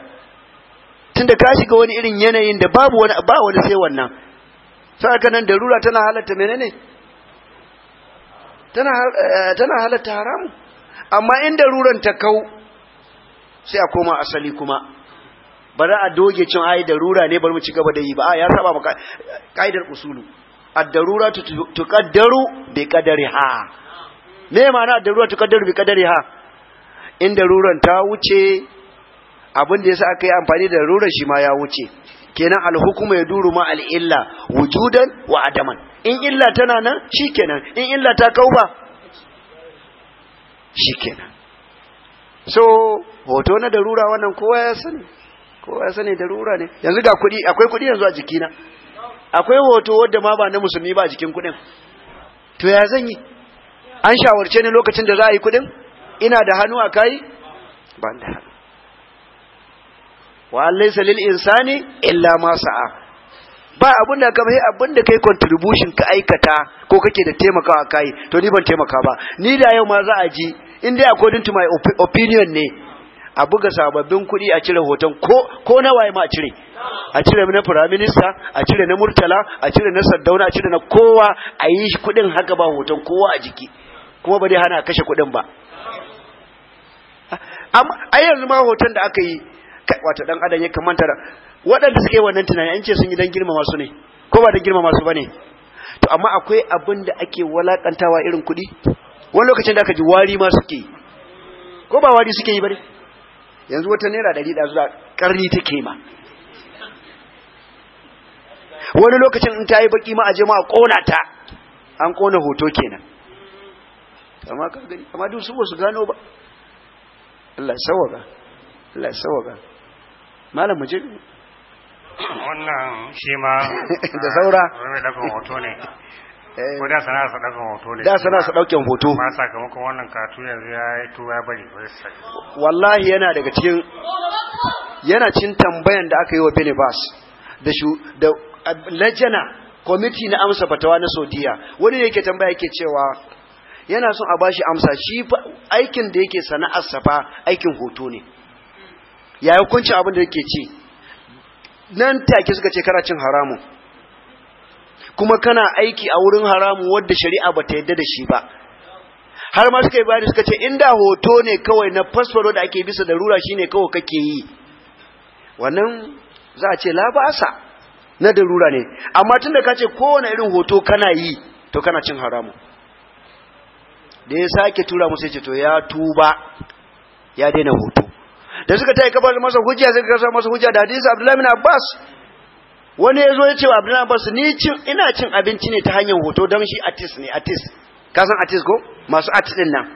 tunda ka shiga wani irin yanayin da babu wani ba wani sai wannan sai nan da tana halatta menene Eh, tana halatta haramu amma inda ruran ta kau sai a koma asali kuma ba za a doge cin ayi da rura ne bari mu ci gaba da yi ba a ya saba ba kaidar usulu ad-darura tuqaddaru bi qadariha me ma'ana ad-darura tuqaddaru bi qadariha inda ruran ta wuce abin da yasa aka yi amfani da ruran shi ma ya wuce kenan al-hukmu yaduru ma al-illa wujudan wa adaman in illa tana nan shikenan in illa ta kau ba shikenan so hoto na darura wannan kowa ya sani kowa ya sani darura ne yanzu ga kuɗi akwai kuɗi yanzu a jikina akwai hoto wadda ma ba na musulmi ba a jikin kuɗin to ya zan yi an shawarce ni lokacin da za a yi kuɗin ina da hannu a kai ban da hannu wa laisa lil insani illa ma sa'a ba abun da kamar sai abun da kai contribution ka aikata ko kake da taimakawa kai to ni ban taimaka ba ni da yau ma za a ji in dai according to my opinion ne a buga sababbin kuɗi a cire hoton ko ko na waye ma a cire a cire na prime minister a cire na murtala a cire na saddauna a cire na kowa a yi kuɗin haka ba hoton kowa a jiki kuma ba dai hana kashe kuɗin ba a yanzu ma hoton da aka yi wato dan adam ya kamanta waɗanda suke wannan tunani an ce sun yi don girmama su ne ko ba dan girmama su bane to amma akwai abin da ake walakantawa irin kuɗi wani lokacin da aka ji wari ma suke yi ko ba wari suke yi bane yanzu wata naira ɗari ɗazu karni ƙarni ke ma wani lokacin in ta yi baki ma a je ma a ƙona ta an ƙona hoto kenan amma ka gani amma duk su ba su gano ba Allah ya sawaga Allah ya sawaga malam mu je wannan shi ma *laughs* da saura mai ɗaukan hoto ne eh. ko da sana su daukan hoto ne da sana su ɗaukan hoto ma sakamakon wannan katu yanzu ya yi tuwa bari wallahi yana daga cikin yana cin tambayan da aka yi wa bas da shu da lajana kwamiti na amsa fatawa na saudiya wani ne yake tambaya yake cewa yana son a bashi amsa shi aikin da yake sana'arsa safa aikin hoto ne ya kunci abin da yake ci nan take suka ce kana cin haramun kuma kana aiki a wurin haramun wadda shari'a ba ta yadda da shi ba har ma suka yi bayani suka ce inda hoto ne kawai na fasfaro da ake bisa da rura shine kawai kake yi wannan za a ce labasa na da rura ne amma tunda ka ce kowane irin hoto kana yi to kana cin haramu. da ya sake tura musu ya ce to ya tuba ya daina hoto da suka yi kafar masa hujja sai kasa masa hujja da hadisi Abdullahi bin Abbas wani zo ya ce wa Abdullahi Abbas ni cin ina cin abinci ne ta hanyar hoto dan shi artist ne artist ka san artist ko masu artist din nan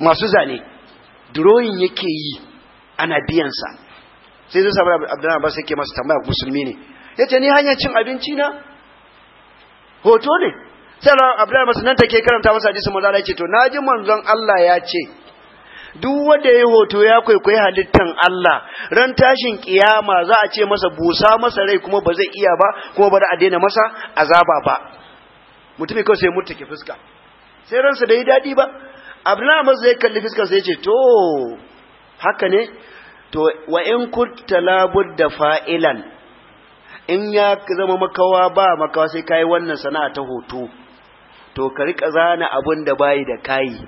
masu zane drawing yake yi ana biyan sa sai zai sabar Abdullahi Abbas yake masa tambaya musulmi ne yace ni hanyar cin abinci na hoto ne sai Abdullahi Abbas nan take karanta masa hadisi manzo Allah ya ce to naji manzon Allah ya ce duk wanda ya hoto ya kwaikwayi halittan Allah ran tashin kiyama za a ce masa busa masa rai kuma ba zai iya ba kuma ba a daina masa azaba ba mutumi kawai sai mutu ke fuska sai ransa da yi daɗi ba abdullahi amma zai kalli fuskar sai ce to haka ne to wa in kutta labud da fa'ilan in ya zama makawa ba makawa sai kayi wannan sana'a ta hoto to ka riƙa zana abin da bayi da kayi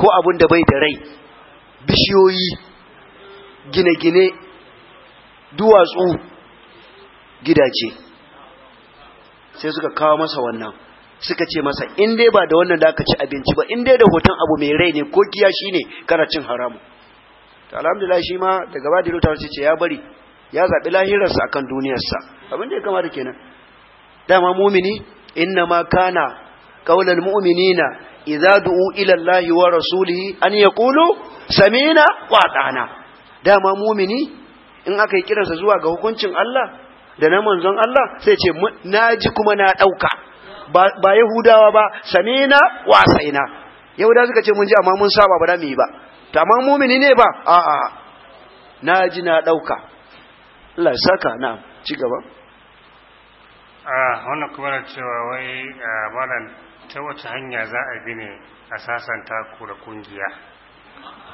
ko abun da bai da rai bishiyoyi gine-gine duwatsu gidaje sai suka kawo masa wannan suka ce masa in dai ba da wannan da aka ci abinci ba in dai da hoton abu mai rai ne ko giya shi ne cin haramu to alhamdulillah shi ma daga ba da su ce ya bari ya zaɓi lahirarsa akan duniyarsa abin da ya kama da kenan dama mumini inna ma kana qaulal mu'minina idza du'u ila Allah wa rasulihi an yaqulu sami'na wa ata'na dama mumini in aka yi kiransa zuwa ga hukuncin Allah da na manzon Allah sai ce naji kuma na dauka ba yahudawa ba sami'na wa saina yahudawa suka ce mun ji amma mun saba ba da mu yi ba to amma mumini ne ba a a naji na dauka Allah saka na ci gaba a wannan kuma cewa wai malam ta wata hanya za a bi ne a sasanta ku da kungiya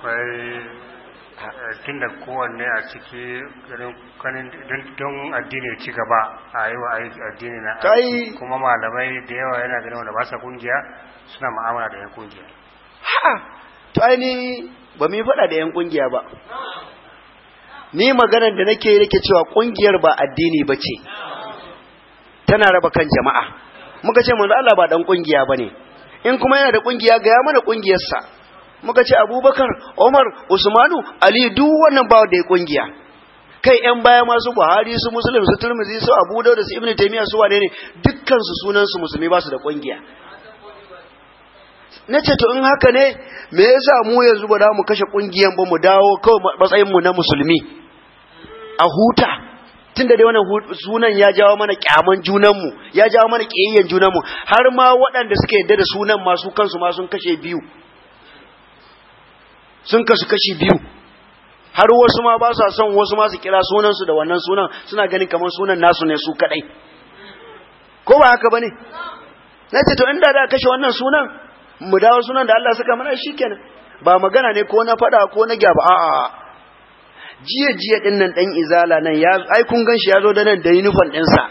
eh, tun da kowanne a ciki don addini ci gaba a yi wa addini na aiki kuma malamai da yawa yana ganin wanda ba sa kungiya suna ma'amala da yan kungiya ha to aini ba mu faɗa da yan kungiya ba ni maganar da nake nake cewa kungiyar ba addini ba ce tana raba kan jama'a muka ce manzo Allah ba dan kungiya bane in kuma yana da kungiya ga ya mana kungiyarsa muka ce Abubakar Umar Usmanu Ali duk wannan ba da kungiya kai yan baya ma su Buhari su Muslim su Tirmidhi su Abu Dawud su Ibn Taymiya su wane ne dukkan su sunan su musulmi ba su da kungiya na ce to in haka ne me yasa mu yanzu ba za mu kashe kungiyan ba mu dawo kawai matsayin mu na musulmi a huta tun da dai wannan sunan ya jawo mana kyaman junanmu ya jawo mana ƙiyayyen junanmu har ma waɗanda suka yadda da sunan masu kansu ma sun kashe biyu sun kasu kashi biyu har wasu ma ba sa son wasu ma su kira sunansu da wannan sunan suna ganin kamar sunan nasu ne su kaɗai ko ba haka ba ne na ce to inda da kashe wannan sunan mu dawo sunan da Allah suka mana shi kenan ba magana ne ko na faɗa ko na gyaba a'a jiya jiya din nan dan izala nan ya ai kun ganshi ya zo da nan da uniform din sa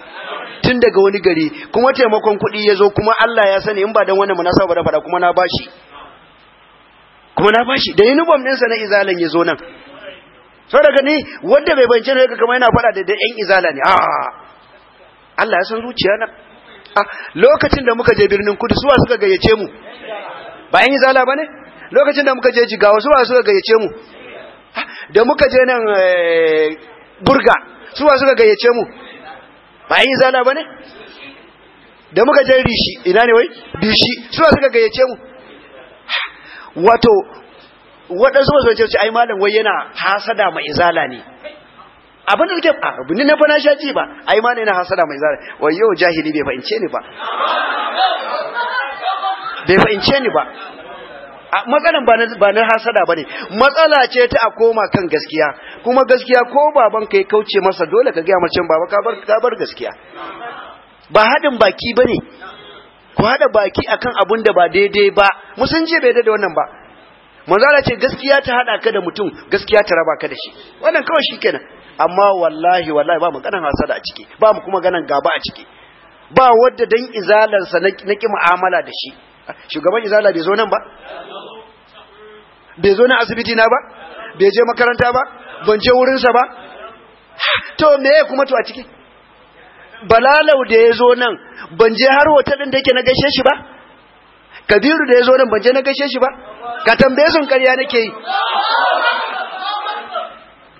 tun daga wani gari kuma taimakon kuɗi ya zo kuma Allah ya sani in ba dan wannan munasaba da fada kuma na bashi kuma na bashi da uniform din sa na izalan ya zo nan so daga ni wanda bai bance ne kama yana faɗa da dan izala ne ah Allah ya san zuciya na ah! lokacin da muka je birnin kudu suwa suka gayyace mu ba ɗan izala ba ne lokacin da muka je jigawa suwa suka gayyace mu da muka je nan eh, burga suwa suka gayyace mu ba yin zana ba ne da muka je rishi ina ne wai rishi suwa suka gayyace mu wato waɗansu ba su ce ai malam wai yana hasada mai izala ne abin da suke abin ah, na fana sha ji ba ai ma ne na hasada mai izala. wai yau jahili bai fahimce ni ba bai fahimce ni ba matsalan ba na hasada ba ne matsala ce ta a koma kan gaskiya kuma gaskiya ko baban ka ya kauce masa dole ka gaya mace baba ka bar gaskiya ba haɗin baki ba ne ku haɗa baki akan abun da ba daidai ba musan je bai da wannan ba manzala ce gaskiya ta hada ka da mutum gaskiya ta raba ka da shi wannan kawai shi kenan amma wallahi wallahi ba ganin hasada a ciki ba mu kuma ganin gaba a ciki ba wadda dan izalarsa na ki mu'amala da shi shugaban izala bai zo nan ba bai zo na asibiti na ba bai je makaranta ba ban je wurinsa ba to me kuma to a ciki balalau da ya zo nan ban je har hotelin da yake na gaishe shi ba kabiru da ya zo nan ban je na gaishe shi ba ka tambaye sun karya nake yi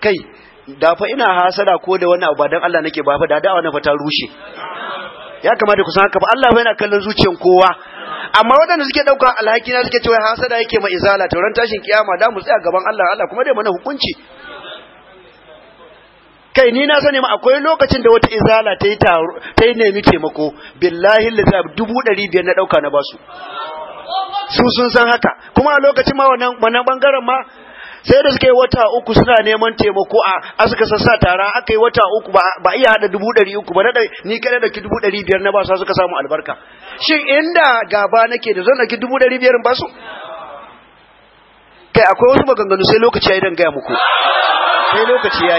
kai da fa ina hasara ko da wannan abu ba dan Allah nake ba fa da da'awa na fa ta rushe ya kamata ku san haka fa Allah yana kallon zuciyar kowa amma waɗanda suke ɗauka alhaki na suke cewa hasada yake ma izala tauran tashin kiyama da mu tsaya gaban Allah Allah kuma dai mana hukunci kai ni na sani ma akwai lokacin da wata izala ta yi taro ta yi nemi taimako billahi lillahi dubu ɗari biyar na ɗauka na basu su sun san haka kuma a lokacin ma wannan bangaren ma sai da suka yi wata uku suna neman taimako a asuka sassa tara aka yi wata uku ba iya hada dubu ɗari uku ba na ni kada da ki dubu ɗari biyar na basu suka samu albarka shin inda gaba nake da zan ki dubu ɗari biyar basu. kai akwai wasu maganganu sai lokaci yi don gaya muku sai lokaci ya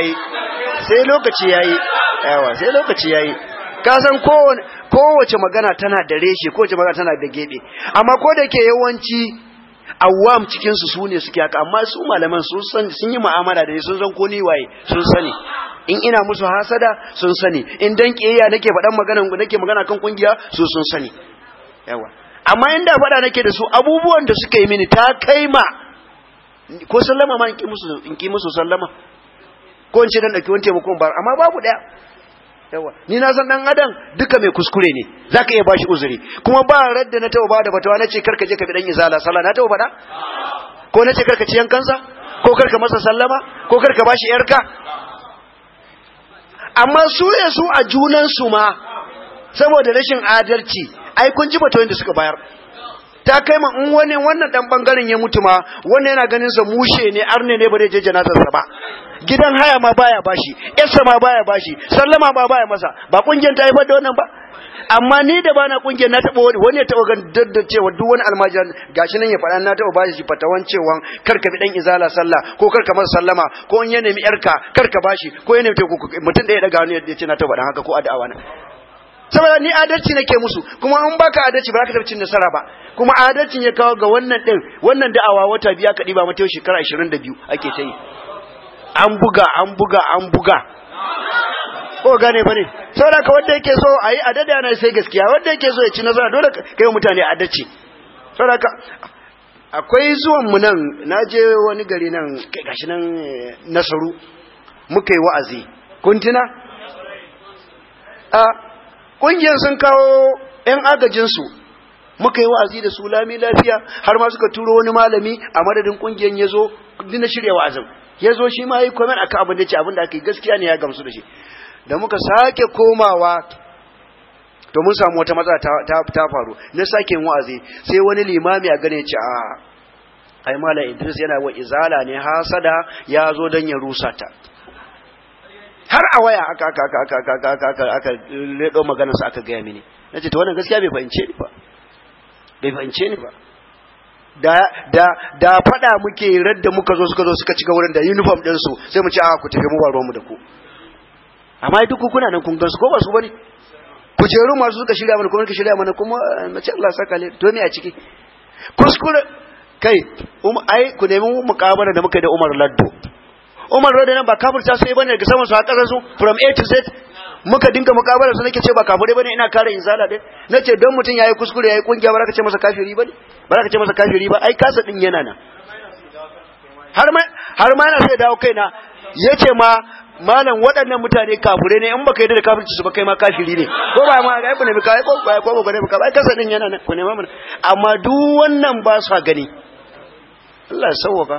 sai lokaci yawa sai lokaci yi. ka san kowace magana tana da reshe kowace magana tana da gebe amma ko da ke yawanci awam cikin su sune suke haka amma su malaman sun sun yi mu'amala da ni sun zan ko ni waye sun sani in ina musu hasada sun sani in dan kiyaya nake faɗan magana nake magana kan kungiya su sun sani yawa amma inda faɗa nake da su abubuwan da suka yi mini ta kai ma ko sallama ma in ki musu in ki musu sallama ko in ce dan dauki wani taimakon bar amma babu daya yawa ni na san dan adam duka mai kuskure ne zaka iya bashi uzuri kuma ba radda na tauba da batawa nace karka je ka bi dan izala sallah na tauba da ko nace karka ci kansa ko karka masa sallama ko karka bashi yarka amma su ne su a junan su ma saboda rashin adalci ai kun ji batoyin da suka bayar ta kai ma in wani wannan dan bangaren ya mutu ma wannan yana ganin sa mushe ne arne ne ba zai je janazar sa ba gidan haya ma baya bashi yarsa ma baya bashi sallama ma baya masa ba kungiyar ta haifar da wannan ba amma ni da bana kungiyar na taba wani ya taba gan dadda cewa duk wani almajiran gashi nan ya faɗa na taba bashi fatawan cewa kar ka bi dan izala sallah ko kar ka masa sallama ko in ya nemi yarka kar ka bashi ko ya nemi mutum da ya daga hannu ya ce na taba dan haka ko addu'a na saboda ni adalci nake musu kuma an baka adalci ba za ka tafi cin nasara ba kuma adalcin ya kawo ga wannan din wannan da'awa wata biya ka diba mata shekara ashirin da biyu ake ta yi an buga an buga an buga ko gane ba ne saboda ka wanda yake so a yi adadi ana sai gaskiya wanda yake so ya ci nasara dole ka yi mutane adalci saboda ka akwai zuwan mu nan na je wani gari nan gashi nan eh, nasaru muka yi wa'azi kuntina? tuna a ah, ƙungiyar sun kawo 'yan agajinsu muka yi wa'azi da su lami lafiya har ma suka turo wani malami a madadin ƙungiyar ya zo dina shirya wa'azin ya zo shi ma yi komen akan abin da ce abin da aka yi gaskiya ne ya gamsu da shi da muka sake komawa to mun samu wata matsala ta faru na sake yin wa'azi sai wani limami a gane ce a ai mala idris yana wa izala ne hasada ya zo don ya rusa ta har a waya aka aka aka aka aka aka aka aka ledo magana sa aka gaya mini nace to wannan gaskiya bai fahimce ni ba bai fahimce ni ba da da da fada muke radda muka zo suka zo suka cika gaurin da uniform din su sai mu ce a ah, ku tafi mu ba mu da ku amma duk kuna nan kun gansu ko ba su bane kujeru masu suka shirya mana kuma suka shirya mana kuma eh, ce Allah saka le to me a ciki kuskure kai um ai ku nemi mukabara da muka da Umar Laddo Umar nan ba ta sai bane daga saman su a kasan su from A to Z muka dinka mukabala su nake ce ba kafire bane ina kare inzala dai nace don mutun yayi kuskure yayi kungiya ba ka ce masa kafiri bane ba ka ce masa kafiri ba ai kasa din yana nan har ma har ma yana sai dawo kaina yace ma malam waɗannan mutane kafure ne in baka yi da kafirci su ba kai ma kafiri ne ko ba ma ga ibnu mikai ko ba ko ba ne ba kai kasa din yana nan ku ne ma amma duk wannan ba sa gani Allah ya sauwaka